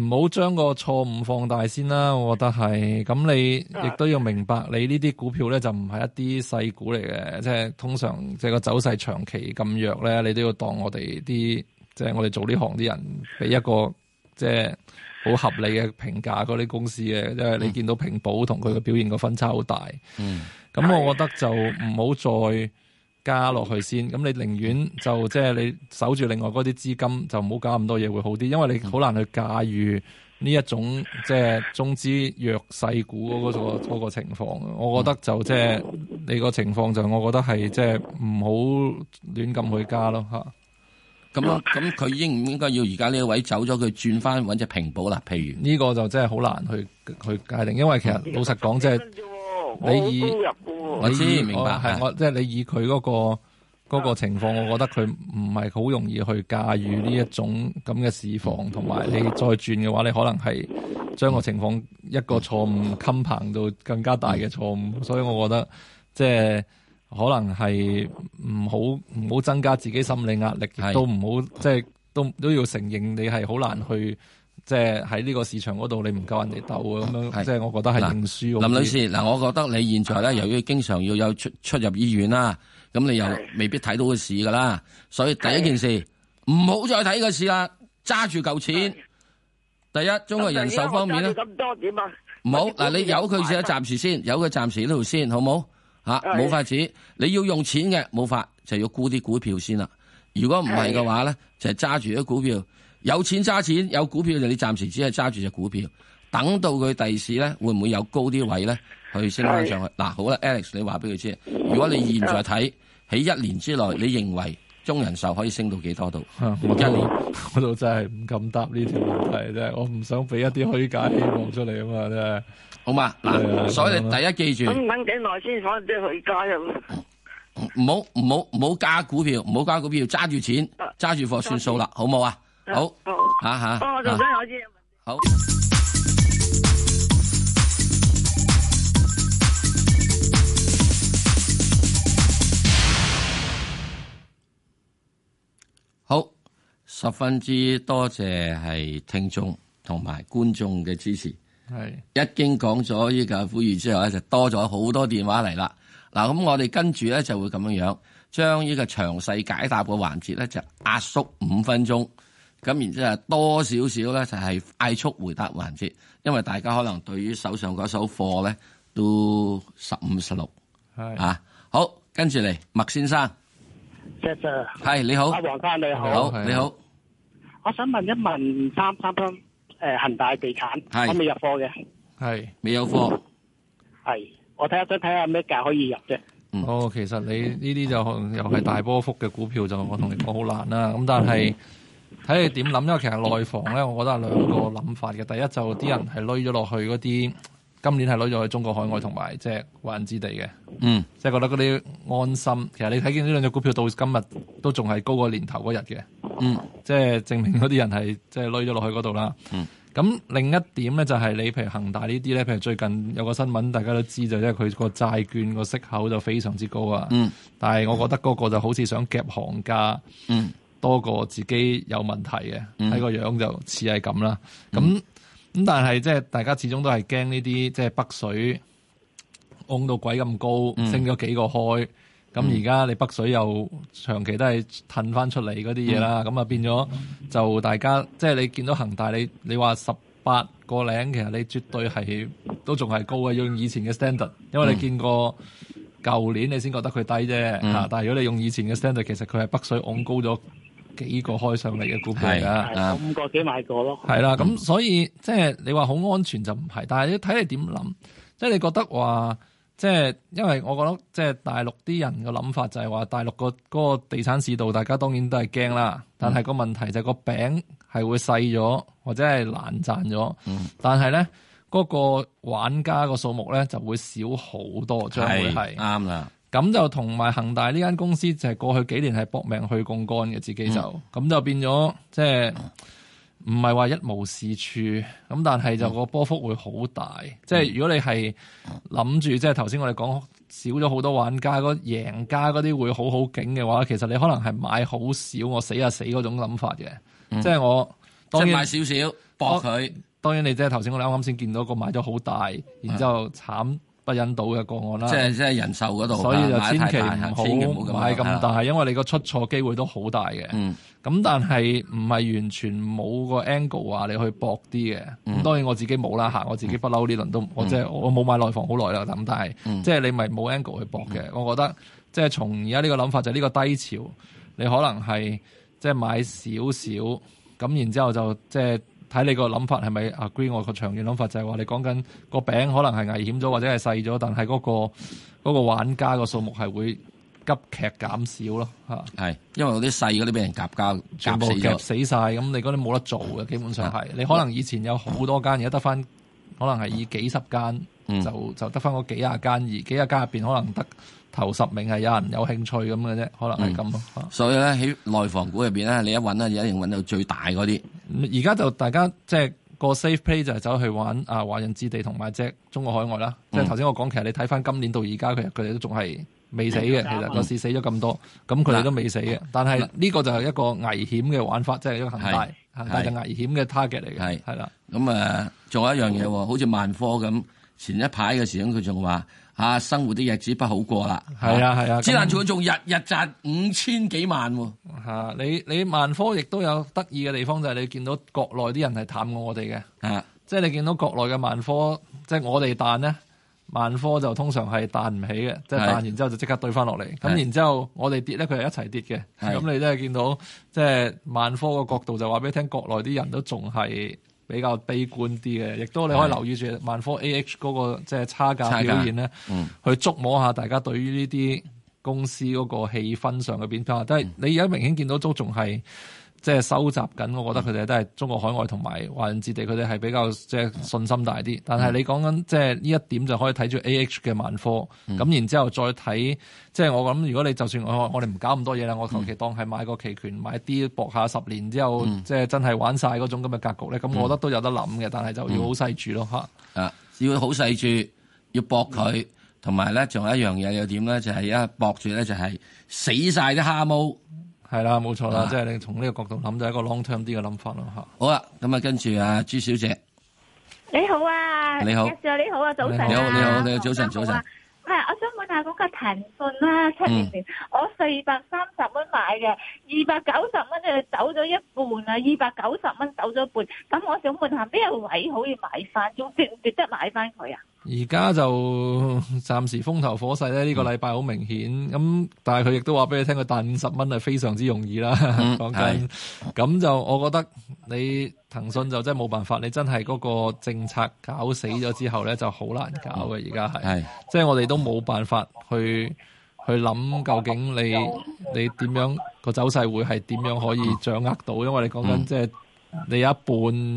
唔好將個錯誤放大先啦。我覺得係咁，你亦都要明白，你呢啲股票咧就唔係一啲細股嚟嘅、啊，即係通常即係個走勢長期咁弱咧，你都要當我哋啲即係我哋做呢行啲人俾一個、嗯、即係。好合理嘅評價嗰啲公司嘅、即係嗯即係，因為你見到平保同佢嘅表現個分差好大。嗯，咁我覺得就唔好再加落去先。咁你寧願就即係你守住另外嗰啲資金，就唔好搞咁多嘢會好啲。因為你好難去駕馭呢一種即係、即係、中資弱勢股嗰個嗰個情況。我覺得就即係、即係、你個情況就，我覺得係即係唔好亂咁去加咯吓。咁咁佢應唔應該要而家呢個位走咗，佢轉翻揾隻平保啦？譬如呢、這個就真係好難去去界定，因為其實老實講，即、嗯、係、就是、你以，我，你以我知明白我，即係、就是、你以佢嗰、那個嗰、嗯那個、情況，我覺得佢唔係好容易去駕馭呢一種咁嘅、嗯、市況，同埋你再轉嘅話，你可能係將個情況一個錯誤拫棚到更加大嘅錯誤，所以我覺得即係。就是可能係唔好唔好增加自己心理壓力，亦都唔好即係都都要承認你係好難去即係喺呢個市場嗰度你唔夠人哋鬥啊咁樣，即係我覺得係認輸。林女士，嗱，我覺得你現在咧，由於經常要有出出入醫院啦、啊，咁你又未必睇到個市噶啦，所以第一件事唔好再睇個市啦，揸住嚿錢。第一，中國人壽方面咧。咁多點啊？唔好嗱，你由佢先，暫時先，由佢暫時呢度先，好唔好？吓、啊、冇、okay. 法子，你要用錢嘅冇法，就要沽啲股票先啦。如果唔係嘅話咧，yeah. 就揸住啲股票。有錢揸錢，有股票就你暫時只係揸住隻股票。等到佢第時咧，會唔會有高啲位咧，去升翻上去？嗱、yeah. 啊，好啦，Alex，你話俾佢知，如果你現在睇喺、yeah. 一年之內，你認為？中人壽可以升到幾多度？啊、我今年我老真係唔敢答呢條問題，真係我唔想俾一啲虛假希望出嚟啊嘛，真係好嘛嗱，所以，嗯所以嗯、第一記住揾幾耐先可即係去加又唔好唔好唔好加股票，唔好加股票，揸住錢揸住貨算數啦，好冇啊、啊、啊、啊、啊、啊、啊、啊？好嚇嚇，我做張我知。好。十分之多謝係聽眾同埋觀眾嘅支持。係，一經講咗呢個呼籲之後咧，就多咗好多電話嚟啦。嗱，咁我哋跟住咧就會咁樣樣，將呢個詳細解答嘅環節咧就壓縮五分鐘。咁然之後多少少咧就係快速回答環節，因為大家可能對於手上嗰首貨咧都十五十六。係啊，好，跟住嚟，麥先生。係你好。阿黃生你好。好你好。我想問一問三三番、呃、恒大地產，我未入貨嘅，係未有貨。係我睇下想睇下咩價可以入啫。哦、嗯，其實你呢啲就又係大波幅嘅股票，就我同你講好難啦。咁但係睇你點諗，因為其實內房咧，我覺得係兩個諗法嘅。第一就啲人係累咗落去嗰啲。今年係攞咗去中國海外同埋即係華人之地嘅，嗯，即係覺得嗰啲安心。其實你睇見呢兩隻股票到今日都仲係高過年頭嗰日嘅，嗯，即係證明嗰啲人係即係攞咗落去嗰度啦，咁、嗯、另一點咧就係你譬如恒大呢啲咧，譬如最近有個新聞大家都知道就，因為佢個債券個息口就非常之高啊，嗯。但係我覺得嗰個就好似想夾行家，嗯，多過自己有問題嘅，睇、嗯、個樣就似係咁啦，咁、嗯。咁但係即係大家始終都係驚呢啲即係北水拱到鬼咁高，嗯、升咗幾個開。咁而家你北水又長期都係褪翻出嚟嗰啲嘢啦。咁、嗯、啊變咗就大家即係你見到恒大你你話十八個零，其實你絕對係都仲係高嘅。用以前嘅 standard，因為你見過舊年你先覺得佢低啫、嗯。但如果你用以前嘅 standard，其實佢係北水拱高咗。幾個開上嚟嘅股票啦，五個幾買過咯。係啊，係啦，咁所以即係你話好安全就唔係，但係一睇你點諗，即係你覺得話，即係因為我覺得即係大陸啲人嘅諗法就係話，大陸個嗰個地產市道，大家當然都係驚啦。但係個問題就係個餅係會細咗，或者係難賺咗。嗯，但係咧嗰個玩家個數目咧就會少好多，將會係啱啦。咁就同埋恒大呢間公司，就係過去幾年係搏命去槓杆嘅自己就，咁、嗯、就變咗即係唔係話一無是處，咁但係就個波幅會好大。嗯、即係如果你係諗住即係頭先我哋講少咗好多玩家嗰贏家嗰啲會好好景嘅話，其實你可能係買好少，我死啊死嗰種諗法嘅、嗯。即係我當然即係買少少搏佢。當然你即係頭先我哋啱啱先見到個買咗好大，然之後慘。嗯不引導嘅個案啦，即係即係人壽嗰度，所以就千祈唔好買咁大、嗯，因為你個出錯機會都好大嘅。咁、嗯、但係唔係完全冇個 angle 啊，你去搏啲嘅。咁當然我自己冇啦，吓、嗯、我自己不嬲呢輪都，嗯、我即、就、係、是、我冇買內房好耐啦，咁但係，即、嗯、係、就是、你咪冇 angle 去搏嘅、嗯。我覺得即係、就是、從而家呢個諗法就呢、是、個低潮，你可能係即係買少少，咁然之後就即係。就是睇你個諗法係咪 agree 我個長遠諗法就，就係話你講緊個餅可能係危險咗，或者係細咗，但係嗰個嗰個玩家個數目係會急劇減少咯，吓，係，因為嗰啲細嗰啲俾人夾交，全部夾死晒，咁你嗰啲冇得做嘅，基本上係。你可能以前有好多間，而家得翻，可能係以幾十間就就得翻嗰幾廿間，而幾廿間入面可能得。頭十名係有人有興趣咁嘅啫，可能係咁、嗯。所以咧喺內房股入面咧，你一揾咧，你一定揾到最大嗰啲。而家就大家即係個 safe play 就係走去玩啊華潤置地同埋即中國海外啦。即係頭先我講、嗯，其實你睇翻今年到而家，其實佢哋都仲係未死嘅。其實個市死咗咁多，咁佢哋都未死嘅。但係呢個就係一個危險嘅玩法，即係一個恒大帶緊危險嘅 target 嚟嘅。係啦，咁誒仲有一樣嘢，好似萬科咁，前一排嘅時，佢仲話。啊、生活啲日子不好過啦。係啊，係啊，只能仲仲日日賺五千幾萬喎。吓、啊，你你萬科亦都有得意嘅地方，就係、是、你見到國內啲人係淡過我哋嘅。即係你見到國內嘅萬科，即係我哋彈呢，萬科就通常係彈唔起嘅、啊，即係彈完之後就即刻對翻落嚟。咁、啊、然之後我哋跌咧，佢係一齊跌嘅。咁、啊、你都係見到，即係萬科嘅角度就話俾你聽，國內啲人都仲係。比較悲觀啲嘅，亦都你可以留意住萬科 AH 嗰個即係差價表現咧，去捉摸一下大家對於呢啲公司嗰個氣氛上嘅變化。但係你而家明顯見到都仲係。即係收集緊，我覺得佢哋都係中國海外同埋華潤置地，佢哋係比較即係信心大啲。但係你講緊即係呢一點就可以睇住 AH 嘅萬科。咁、嗯、然之後再睇，即係我諗，如果你就算我我哋唔搞咁多嘢啦，我求其當係買個期權，買啲搏下十年之後，嗯、即係真係玩晒嗰種咁嘅格局咧。咁、嗯、我覺得都有得諗嘅，但係就要好細注咯啊、嗯嗯，要好細注，要搏佢，同埋咧仲有一樣嘢又點咧？就係、是、一搏住咧，就係死晒啲蝦毛。係啦，冇錯啦，即係你從呢個角度諗就係一個 long term 啲嘅諗法咯吓。好啦、啊，咁啊跟住阿朱小姐，你好啊，你好，你好啊，早晨，你好你好上你好早晨，早晨。係，我想問下嗰、嗰個騰訊啦，七年前、嗯、我四百三十蚊買嘅，二百九十蚊就走咗一半啊，二百九十蚊走咗一半，咁我想問下邊個位可以買翻，仲值唔值得買翻佢啊？而家就暫時風頭火勢咧，呢、這個禮拜好明顯。咁、嗯、但係佢亦都話俾你聽，佢彈五十蚊係非常之容易啦。講緊咁就，我覺得你騰訊就真係冇辦法，你真係嗰個政策搞死咗之後咧，就好難搞嘅。而家係，即係我哋都冇辦法去去諗究竟你你點樣個走勢會係點樣可以掌握到，因為你講緊即係你有一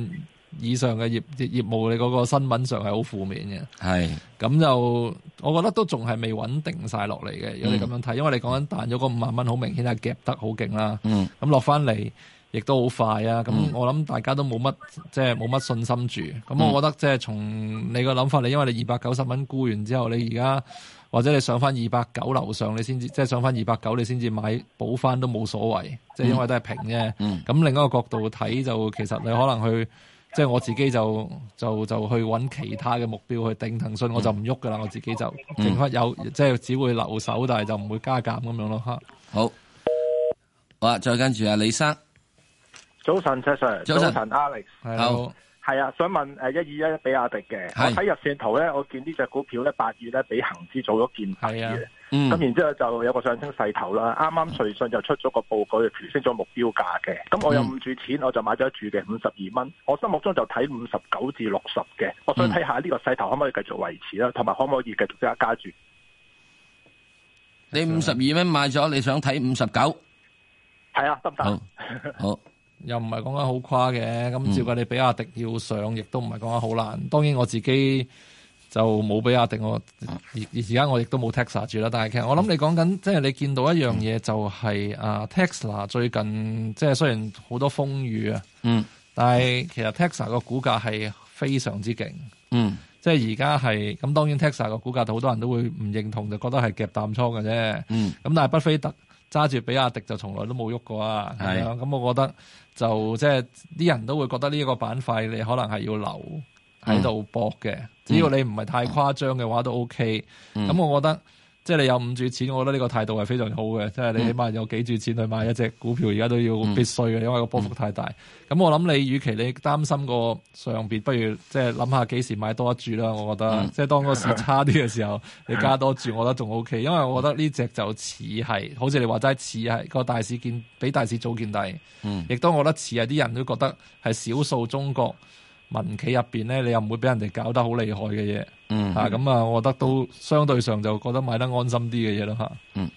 半。以上嘅業業務，你嗰個新聞上係好負面嘅。係，咁就我覺得都仲係未穩定晒落嚟嘅。如、嗯、果你咁樣睇，因為你講緊彈咗嗰五萬蚊，好明顯係夾得好勁啦。嗯，咁落翻嚟亦都好快啊。咁、嗯、我諗大家都冇乜即係冇乜信心住。咁、嗯、我覺得即係從你個諗法嚟，因為你二百九十蚊沽完之後，你而家或者你上翻二百九樓上，你先至即係上翻二百九，你先至買補翻都冇所謂。即、就、係、是、因為都係平啫。咁、嗯嗯、另一個角度睇就，其實你可能去。即係我自己就就就去揾其他嘅目標去定騰訊，嗯、我就唔喐噶啦。我自己就淨刻、嗯、有，即係只會留守，但係就唔會加減咁樣咯。嚇，好，好啊，再跟住啊。李生，早晨，早晨，早晨，Alex，好，係啊，想問誒，一二一一，比亞迪嘅，我睇日線圖咧，我見呢隻股票咧，八月咧，比恒指做咗見底。咁、嗯、然之後就有個上升勢頭啦，啱啱瑞信就出咗個報告，提升咗目標價嘅。咁、嗯、我有五注錢，我就買咗一注嘅五十二蚊。我心目中就睇五十九至六十嘅，我想睇下呢個勢頭可唔可以繼續維持啦，同埋可唔可以繼續加加注？你五十二蚊買咗，你想睇五十九？係啊，得唔得？好，又唔係講得好誇嘅，咁、嗯、照計你比亞迪要上，亦都唔係講得好難。當然我自己。就冇比亞迪我，而而家我亦都冇 Tesla 住啦。但係其實我諗你講緊，即、嗯、係、就是、你見到一樣嘢就係、是嗯、啊 Tesla 最近即係雖然好多風雨啊，嗯，但係其實 Tesla 個股價係非常之勁，嗯，即係而家係咁，當然 Tesla 嘅股價好多人都會唔認同，就覺得係夾淡倉嘅啫，咁、嗯、但係不菲特揸住比亞迪就從來都冇喐過啊，係啊，咁我覺得就即係啲人都會覺得呢一個板塊你可能係要留喺度搏嘅。嗯只要你唔係太誇張嘅話都 OK、嗯，都 O K。咁我覺得，即、就、係、是、你有五注錢，我覺得呢個態度係非常好嘅。即、嗯、係、就是、你起碼有幾注錢去買一隻股票，而家都要必須嘅、嗯，因為個波幅太大。咁、嗯、我諗你，與其你擔心個上邊，不如即係諗下幾時買多一注啦。我覺得，即、嗯、係、就是、當個市差啲嘅時候，你加多注，我覺得仲 O K。因為我覺得呢隻就似係，好似你話齋似係個大市見，比大市早見底，亦、嗯、都我覺得似係啲人都覺得係少數中國。民企入邊咧，你又唔會俾人哋搞得好厲害嘅嘢，咁、嗯嗯、啊，啊！我覺得都相對上就覺得買得安心啲嘅嘢咯，嗯，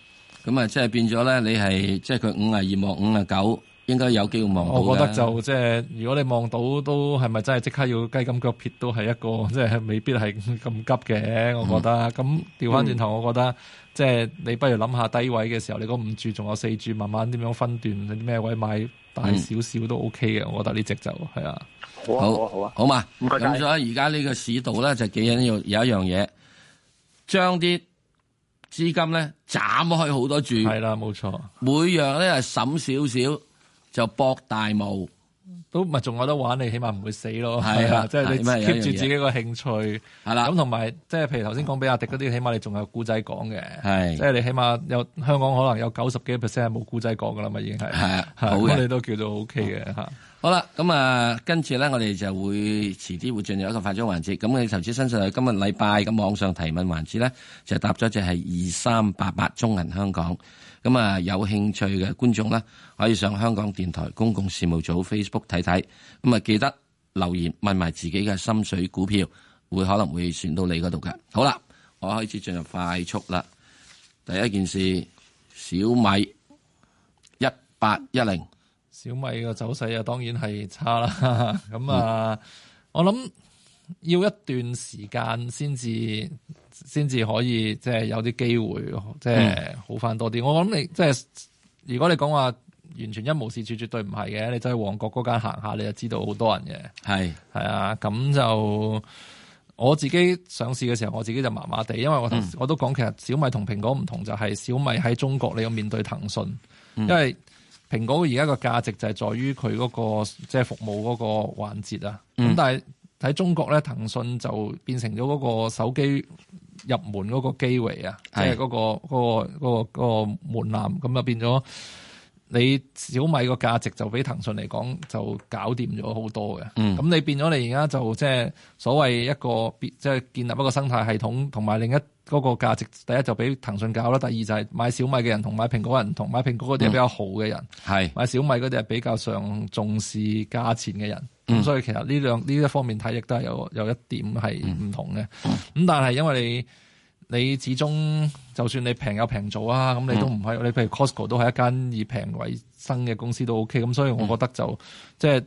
咁、嗯、啊、嗯，即係變咗咧，你係即係佢五啊二望五啊九，應該有機會望到啦。我覺得就即係如果你望到都係咪真係即刻要雞金腳撇都係一個即係未必係咁急嘅，我覺得。咁調翻轉頭，我覺得即係你不如諗下低位嘅時候，你嗰五注仲有四注，慢慢點樣分段，咩位買？大少少都 OK 嘅，嗯，我覺得呢隻就係啊，好啊好啊好嘛。咁所以而家呢個市道咧就幾緊要有一樣嘢，將啲資金咧斬開好多注，係啦冇錯。每樣咧係審少少就博大霧。都咪仲有得玩，你起碼唔會死咯。係啊，啊，啊，啊，啊，即係你 keep 住自己個興趣係啦。咁同埋即係，譬如頭先講比亞迪嗰啲，起碼你仲有古仔講嘅。係，即係你起碼有香港可能有九十幾 percent 冇古仔講噶啦嘛，已經係係啊，我哋都叫做 O K 嘅吓。好啦，咁、okay、啊，嗯、跟住咧，我哋就會遲啲會進入一個發展環節。咁、嗯、你頭先新勢力，今日禮拜咁網上提問環節咧，就答咗只係二三八八中銀香港。咁啊，有興趣嘅觀眾咧，可以上香港電台公共事務組 Facebook 睇睇。咁啊，記得留言問埋自己嘅心水股票，會可能會傳到你嗰度嘅。好啦，我開始進入快速啦。第一件事，小米一八一零。小米嘅走勢啊，當然係差啦。咁 啊、嗯，我諗要一段時間先至。先至可以即係有啲機會，即、嗯、係好翻多啲。我諗你即係，如果你講話完全一無是處，絕對唔係嘅。你走去旺角嗰間行下，你就知道好多人嘅。係係啊，咁就我自己上市嘅時候，我自己就麻麻地，因為我我都講其實小米同蘋果唔同，就係、是、小米喺中國你要面對騰訊，嗯、因為蘋果而家個價值就係在於佢嗰、那個即係服務嗰個環節啊。咁、嗯、但係喺中國咧，騰訊就變成咗嗰個手機。入門嗰個機會啊，即係嗰個嗰個嗰個嗰個門檻，咁就變咗你小米個價值就比騰訊嚟講就搞掂咗好多嘅。咁、嗯、你變咗你而家就即係所謂一個即係建立一個生態系統同埋另一。嗰、那個價值，第一就俾騰訊搞啦，第二就係買小米嘅人同買蘋果人唔同，買蘋果嗰啲係比較好嘅人，係、嗯、買小米嗰啲係比較上重視價錢嘅人，咁、嗯、所以其實呢兩呢一方面睇亦都係有有一點係唔同嘅，咁、嗯嗯、但係因為你你始終就算你平有平做啊，咁你都唔係、嗯、你譬如 Costco 都係一間以平為生嘅公司都 OK，咁所以我覺得就、嗯、即係。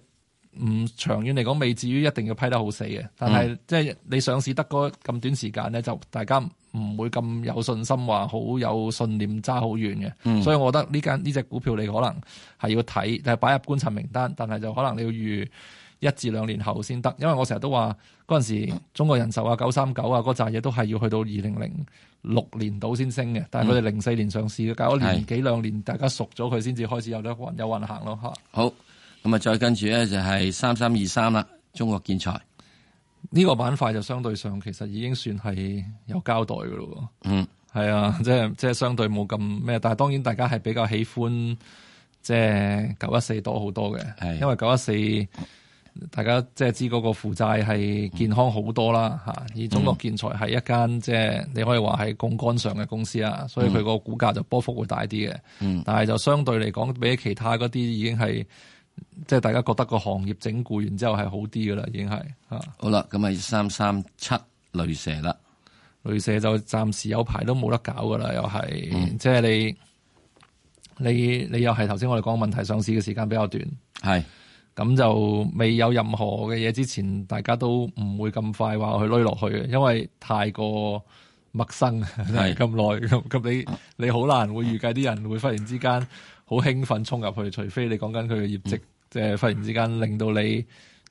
唔長遠嚟講，未至於一定要批得好死嘅。但係、嗯、即係你上市得嗰咁短時間咧，就大家唔會咁有信心話好有信念揸好遠嘅。所以我覺得呢間呢隻股票你可能係要睇，但係擺入觀察名單，但係就可能你要預一至兩年後先得。因為我成日都話嗰陣時中國人壽啊、九三九啊嗰扎嘢都係要去到二零零六年度先升嘅。但係佢哋零四年上市嘅，搞咗年幾兩年大家熟咗佢先至開始有得有運行咯吓。好。咁啊，再跟住咧就係三三二三啦，中國建材呢，這個板塊就相對上其實已經算係有交代噶咯。嗯，係啊，即係即係相對冇咁咩，但係當然大家係比較喜歡即係九一四多好多嘅，因為九一四大家即係知嗰個負債係健康好多啦吓，而、嗯、中國建材係一間、嗯、即係你可以話係槓桿上嘅公司啊，所以佢個股價就波幅會大啲嘅。嗯，但係就相對嚟講，比起其他嗰啲已經係。即係大家覺得個行業整固完之後係好啲噶啦，已經係吓。好啦，咁係三三七雷蛇啦，雷蛇就暫時有排都冇得搞噶啦，又係、嗯、即係你你你又係頭先我哋講問題上市嘅時間比較短，係咁就未有任何嘅嘢，之前，大家都唔會咁快話去推落去嘅，因為太過陌生，係咁耐咁咁，你你好難會預計啲人會忽然之間。好興奮衝入去，除非你講緊佢嘅業績，即係忽然之間令到你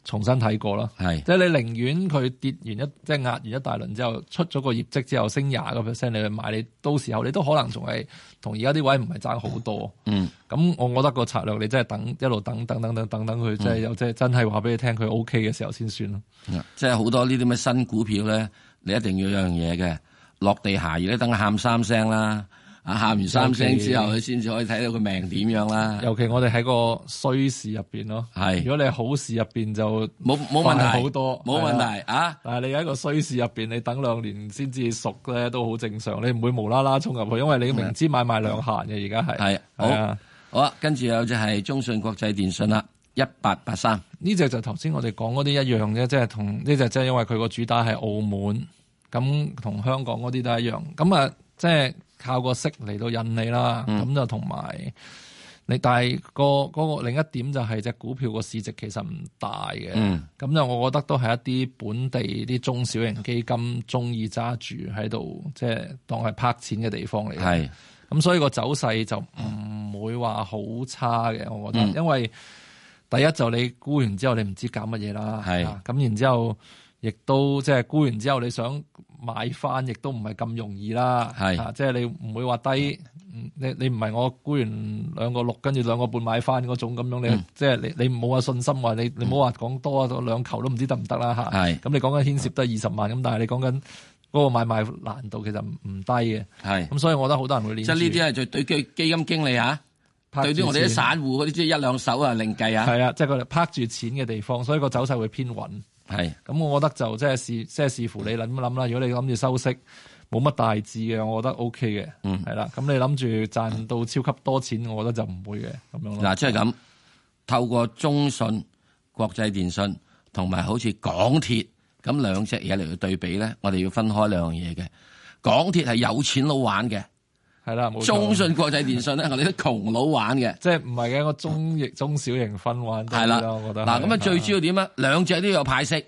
重新睇過啦。即係你寧願佢跌完一即係壓完一大輪之後，出咗個業績之後升廿個 percent，你去買，你到時候你都可能仲係同而家啲位唔係爭好多。咁、嗯、我覺得個策略你真係等一路等等等等等等佢，即係又真係真係話俾你聽，佢 OK 嘅時候先算咯、嗯。即係好多呢啲咩新股票咧，你一定要有樣嘢嘅落地下，而你等喊三聲啦。啊！喊完三聲之後，佢先至可以睇到佢命點樣啦。尤其我哋喺個衰事入邊咯，係如果你係好事入邊就冇冇問題好多冇問題啊。但係你喺個衰事入邊，你等兩年先至熟咧，都好正常。你唔會無啦啦衝入去，因為你明知買賣兩閒嘅而家係係係好啊。跟住有就係中信國際電信啦，一八八三呢隻就頭先我哋講嗰啲一樣咧，即係同呢隻即係因為佢個主打係澳門咁，同香港嗰啲都一樣咁啊，即係。就是靠個息嚟到引你啦，咁就同埋你，但係、嗰個、嗰個另一點就係隻股票個市值其實唔大嘅，咁、嗯、就我覺得都係一啲本地啲中小型基金中意揸住喺度，即、就、係、是、當係拍錢嘅地方嚟。係咁，所以個走勢就唔會話好差嘅，我覺得、嗯，因為第一就你沽完之後你唔知搞乜嘢啦，係咁、啊、然後之後。亦都即係沽完之後，你想買翻，亦都唔係咁容易啦、啊。係即係你唔會話低，你你唔係我沽完兩個六，跟住兩個半買翻嗰種咁樣、嗯就是，你即係你你冇話信心話你你唔好話講多咗、嗯、兩球都唔知得唔得啦。係咁你講緊牽涉得二十萬咁，但係你講緊嗰個買賣難度其實唔唔低嘅。係咁、啊，所以我覺得好多人會呢。即係呢啲係對基金經理嚇、啊，對啲我哋啲散戶嗰啲即係一兩手啊，另計啊。係啊，即係佢哋拍住錢嘅地方，所以個走勢會偏穩。係，咁我覺得就即係視即係視乎你諗一諗啦。如果你諗住收息，冇乜大志嘅，我覺得 OK 嘅，嗯、係啦。咁你諗住賺到超級多錢，我覺得就唔會嘅咁樣。嗱，即係咁，透過中信國際電信同埋好似港鐵咁兩隻嘢嚟去對比咧，我哋要分開兩樣嘢嘅。港鐵係有錢佬玩嘅。係啦，冇中信國際電訊咧， 我哋都窮佬玩嘅，即係唔係嘅，那個中型中小型分玩多啦 我覺得嗱，咁啊最主要點啊，兩隻都有派息，嗱、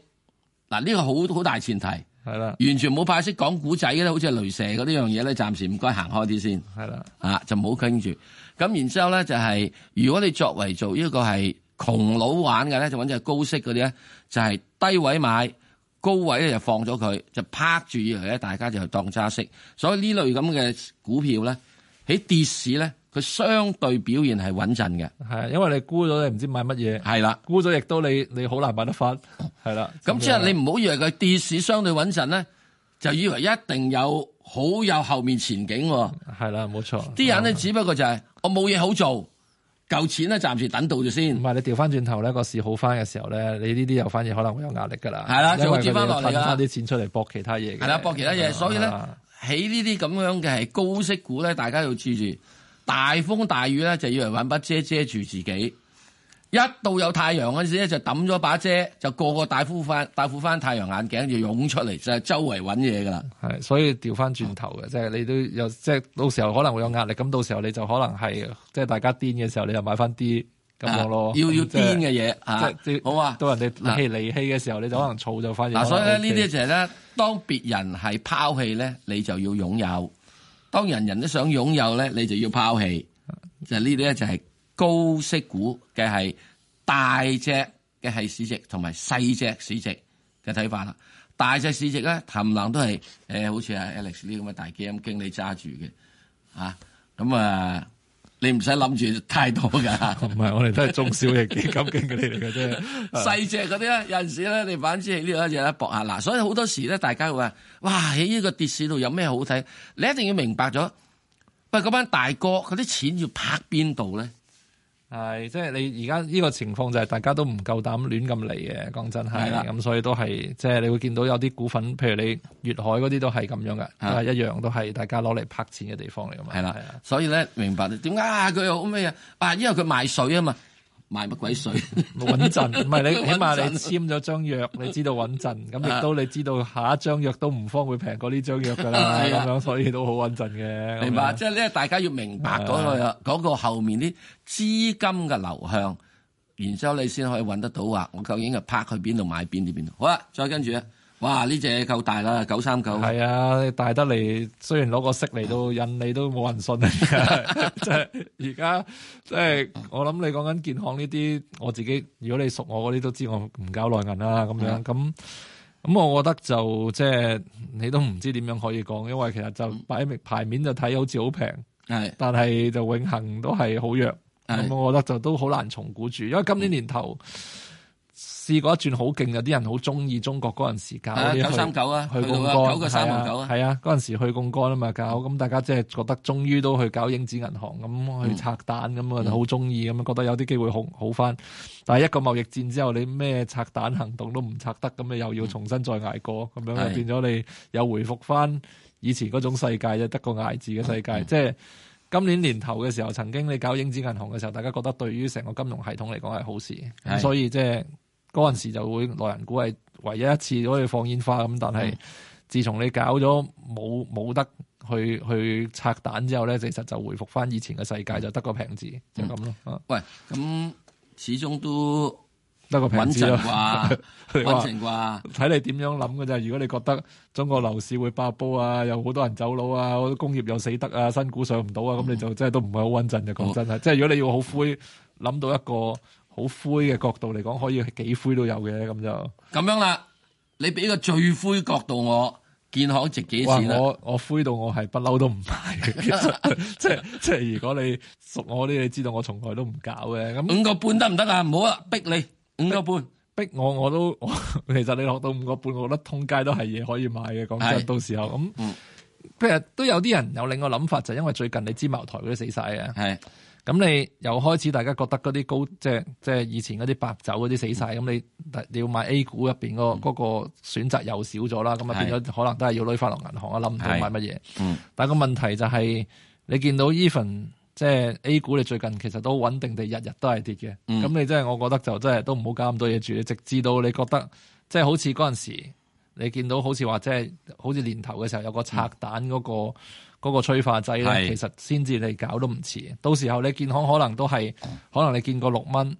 啊、呢、呢個好好大前提，係啦，完全冇派息講古仔咧，好似係雷蛇嗰啲樣嘢咧，暫時唔該行開啲先，係啦，啊就唔好傾住，咁、啊、然之後咧就係、是、如果你作為做呢個係窮佬玩嘅咧，就揾隻高息嗰啲咧，就係、是、低位買。高位咧就放咗佢，就拍住以嚟咧，大家就當揸息。所以呢類咁嘅股票咧，喺跌市咧，佢相對表現係穩陣嘅。係，因為你沽咗你唔知買乜嘢？係啦，沽咗亦都你你好難買得翻。係啦。咁即係你唔好以為佢跌市相對穩陣咧，就以為一定有好有後面前景喎。係啦，冇錯。啲人咧只不過就係、是、嗯、我冇嘢好做。舊錢咧，暫時等到住先。唔係，你調翻轉頭咧，個市好翻嘅時候咧，你呢啲又反而可能會有壓力噶啦。係啦，因為佢要攤翻啲錢出嚟搏其他嘢。係啦，搏其他嘢，所以咧，起呢啲咁樣嘅係高息股咧，大家要注意，大風大雨咧，就要嚟揾把遮遮住自己。一到有太陽嗰陣時咧，就揼咗把遮，就個個戴副翻戴副翻太陽眼鏡，就湧出嚟就係周圍揾嘢噶啦。係，所以調翻轉頭嘅，即、啊、係、就是、你都有，即、就、係、是、到時候可能會有壓力。咁到時候你就可能係即係大家癲嘅時、啊就是就是啊、時候，你就買翻啲咁樣咯。要要癲嘅嘢即啊！好啊，到人哋棄離棄嘅時候，你就可能燥就反、啊、所以咧、就是，呢啲就係咧，當別人係拋棄咧，你就要擁有；當人人都想擁有咧，你就要拋棄。就呢啲咧，就係、是。高息股嘅係大隻嘅係市值，同埋細隻市值嘅睇法啦。大隻市值咧，冚唪唥都係誒，好似阿 Alex 呢咁嘅大基金經理揸住嘅嚇。咁啊，你唔使諗住太多噶。唔係，我哋都係中小型基金經理嚟嘅啫。細隻嗰啲咧，有陣時咧，你反之呢一隻咧，搏下嗱。所以好多時咧，大家會話哇，喺呢個跌市度有咩好睇？你一定要明白咗，喂，嗰班大哥佢啲錢要拍邊度咧？係，即係你而家呢個情況就係大家都唔夠膽亂咁嚟嘅，講真係，咁所以都係，即係你會見到有啲股份，譬如你粵海嗰啲都係咁樣嘅，都係一樣，都係大家攞嚟拍錢嘅地方嚟噶嘛。係啦，係啦，所以咧明白點解佢好咩啊？啊，因為佢賣水啊嘛。賣乜鬼水穩陣？唔 係你起碼你簽咗張約，你知道穩陣咁，亦 都你知道下一張約都唔方便會平過呢張約噶啦，所以都好穩陣嘅。明白，okay、即係咧，大家要明白嗰、嗰個嗰 個後面啲資金嘅流向，然之後你先可以揾得到啊！我究竟係拍去邊度買邊啲邊度？好啦，再跟住。哇！呢隻夠大啦，九三九係啊，你大得嚟。雖然攞個息嚟到引你、嗯、都冇人信。即係而家，即、就、係、是、我諗你講緊健康呢啲，我自己如果你熟我嗰啲都知我唔搞內銀啦。咁樣咁咁，嗯、我覺得就即係、就是、你都唔知點樣可以講，因為其實就擺明牌面就睇，好似好平。係，但係就永恆都係好弱。咁、嗯、我覺得就都好難重估住，因為今年年頭。嗯試過一轉好勁有啲人好中意中國嗰陣時搞，九三九啊，去貢九個三毫九啊，係啊，嗰、啊、時去槓桿啊嘛，搞咁、嗯、大家即係覺得終於都去搞影子銀行，咁去拆彈咁啊，好中意咁啊，覺得有啲機會好好翻。但係一個貿易戰之後，你咩拆彈行動都唔拆得，咁你又要重新再捱過，咁樣變咗、嗯、你又回復翻以前嗰種世界就得個捱字嘅世界。即、嗯、係、就是、今年年頭嘅時候，曾經你搞影子銀行嘅時候，大家覺得對於成個金融系統嚟講係好事，嗯、所以即、就、係、是。嗰陣時就會內人估係唯一一次可以放煙花咁，但係自從你搞咗冇冇得去去拆彈之後咧，其實就回復翻以前嘅世界，就得個平字、嗯、就咁咯。喂，咁、嗯、始終都得個平字咯。穩陣啩？穩陣啩？睇 你點樣諗嘅咋？如果你覺得中國樓市會爆煲啊，有好多人走佬啊，好多工業又死得啊，新股上唔到啊，咁、嗯、你就真係都唔會好穩陣，就講真係，即係如果你要好灰，諗到一個，好灰嘅角度嚟講，可以幾灰都有嘅。咁就咁樣啦。你俾個最灰角度我，見我，建行值幾錢？我我灰到我係不嬲都唔買，即係即係。如果你熟我啲，你知道我從來都唔搞嘅。咁五個半得唔得啊？唔好啊，逼你五個半，逼，逼我我都我，其實你學到五個半，我覺得通街都係嘢，可以買嘅。講真，到時候咁，其實都有啲人有另一個諗法，就係因為最近你知茅台嗰啲死晒嘅。係。咁你又開始大家覺得嗰啲高即係即係以前嗰啲白酒嗰啲死晒。咁、嗯、你要買 A 股入邊個嗰個選擇又少咗啦，咁啊變咗可能都係要攞翻落銀行啊，諗唔到買乜嘢，嗯。但係個問題就係，是，你見到 Even，即係 A 股你最近其實都穩定地日日都係跌嘅。咁、嗯、你真係我覺得就真係都唔好搞咁多嘢住，直至到你覺得即係好似嗰陣時你見到好似話即係好似年頭嘅時候有個拆彈嗰，那個。嗯嗰、那個催化劑咧，其實先至你搞都唔遲。到時候你健康可能都係、嗯，可能你見個六蚊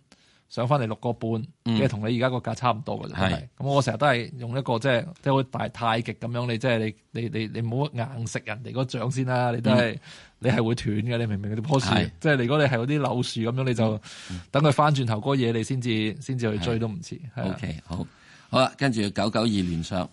上翻嚟六個半，即係同你現在的而家個價差唔多嘅啫。咁我成日都係用一個即係即係好大太極咁樣，你即係你你你你唔好硬食人哋個掌先啦。你都係、嗯、你係會斷嘅。你明唔明嗰啲棵樹，是即係如果你係嗰啲柳樹咁樣，你就、嗯嗯、等佢翻轉頭嗰嘢，你先至先至去追都唔遲。O、okay, K，好，好啦，跟住九九二連上。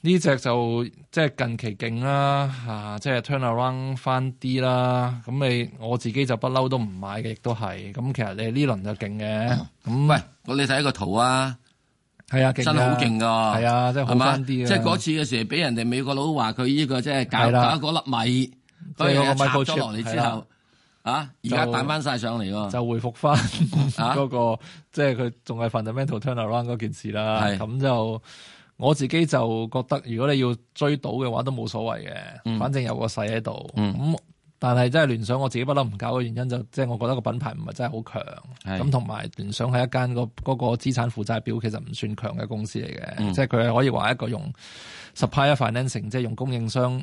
呢隻就即係近期勁啦，吓、啊，即、就、係、是、turn around 翻啲啦。咁你我自己就不嬲都唔買嘅，亦都係。咁其實你呢輪就勁嘅。咁、嗯、喂，我你睇個圖啊，係啊，啊，真係好勁㗎，係啊，即係好翻啲啊。即係嗰次嘅時，俾人哋美國佬話佢呢個即係解打嗰粒米，所以、啊、拆咗落嚟之後，就是、啊，而家彈翻曬上嚟喎就，就回復翻啊嗰個，即係佢仲係 fundamental turn around 嗰件事啦。咁、啊、就。我自己就覺得，如果你要追到嘅話，都冇所謂嘅、嗯，反正有個勢喺度。咁、嗯、但係真係聯想，我自己不嬲唔搞嘅原因就即係我覺得個品牌唔係真係好強，咁同埋聯想係一間個個資產負債表其實唔算強嘅公司嚟嘅、嗯，即係佢係可以話一個用 supplier financing、嗯、即係用供應商。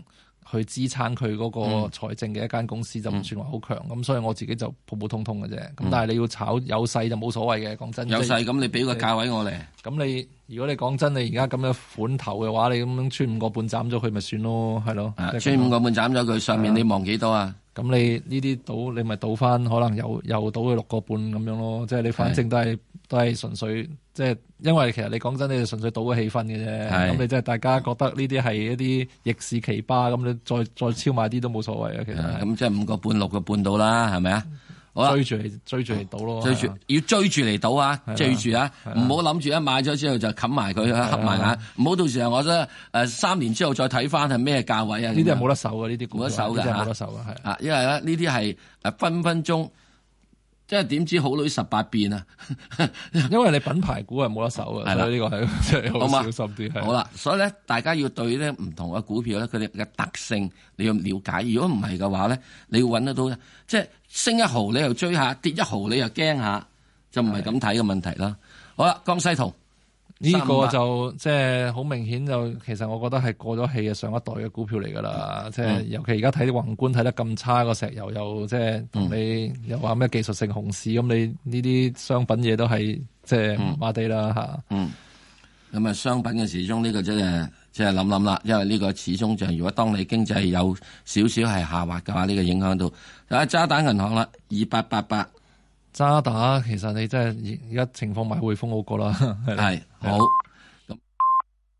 去支撐佢嗰個財政嘅一間公司、嗯、就唔算話好強，咁、嗯、所以我自己就普普通通嘅啫。咁、嗯、但係你要炒有勢就冇所謂嘅，講真。有勢咁、就是、你俾個價位、就是、我嚟。咁你如果你講真，你而家咁樣款頭嘅話，你咁樣穿五個半斬咗佢咪算咯，係咯、啊就是？穿五個半斬咗佢，上面你望幾多啊？咁、啊、你呢啲賭，你咪賭翻可能又又賭佢六個半咁樣咯，即、就、係、是、你反正都係。都係純粹即係，因為其實你講真，你係純粹賭個氣氛嘅啫。咁你即係大家覺得呢啲係一啲逆市奇葩，咁你再再超買啲都冇所謂啊。其實咁即係五個半六個半到啦，係咪？哦、啊？追住嚟，追住嚟賭咯，追住要追住嚟賭啊！追住啊！唔好諗住一買咗之後就冚埋佢合埋眼。唔好到時啊，我覺得誒三年之後再睇翻係咩價位啊？呢啲係冇得手啊，呢啲冇得手嘅冇得手嘅係啊，因為咧呢啲係誒分分鐘。即係點知好女十八變啊！ 因為你品牌股係冇得手啊，係咯，呢個係好嘛，小心啲。好啦，所以咧，大家要對咧唔同嘅股票咧，佢哋嘅特性你要了解。如果唔係嘅話咧，你要揾得到，即係升一毫你又追一下，跌一毫你又驚下，就唔係咁睇嘅問題啦。好啦，江西圖。呢、這個就即係好明顯就，其實我覺得係過咗氣嘅上一代嘅股票嚟噶啦，即係尤其而家睇啲宏觀睇得咁差個石油，又即係同你又話咩技術性熊市，咁你呢啲商品嘢都係即係麻地啦吓、嗯。嗯。咁、嗯、啊，商品嘅始終呢、這個即係即係諗諗啦，因為呢個始終就係如果當你經濟有少少係下滑嘅話，呢、這個影響到。啊，渣打銀行啦，二八八八。渣打其實你真係而家情況咪匯豐好過啦，係 好。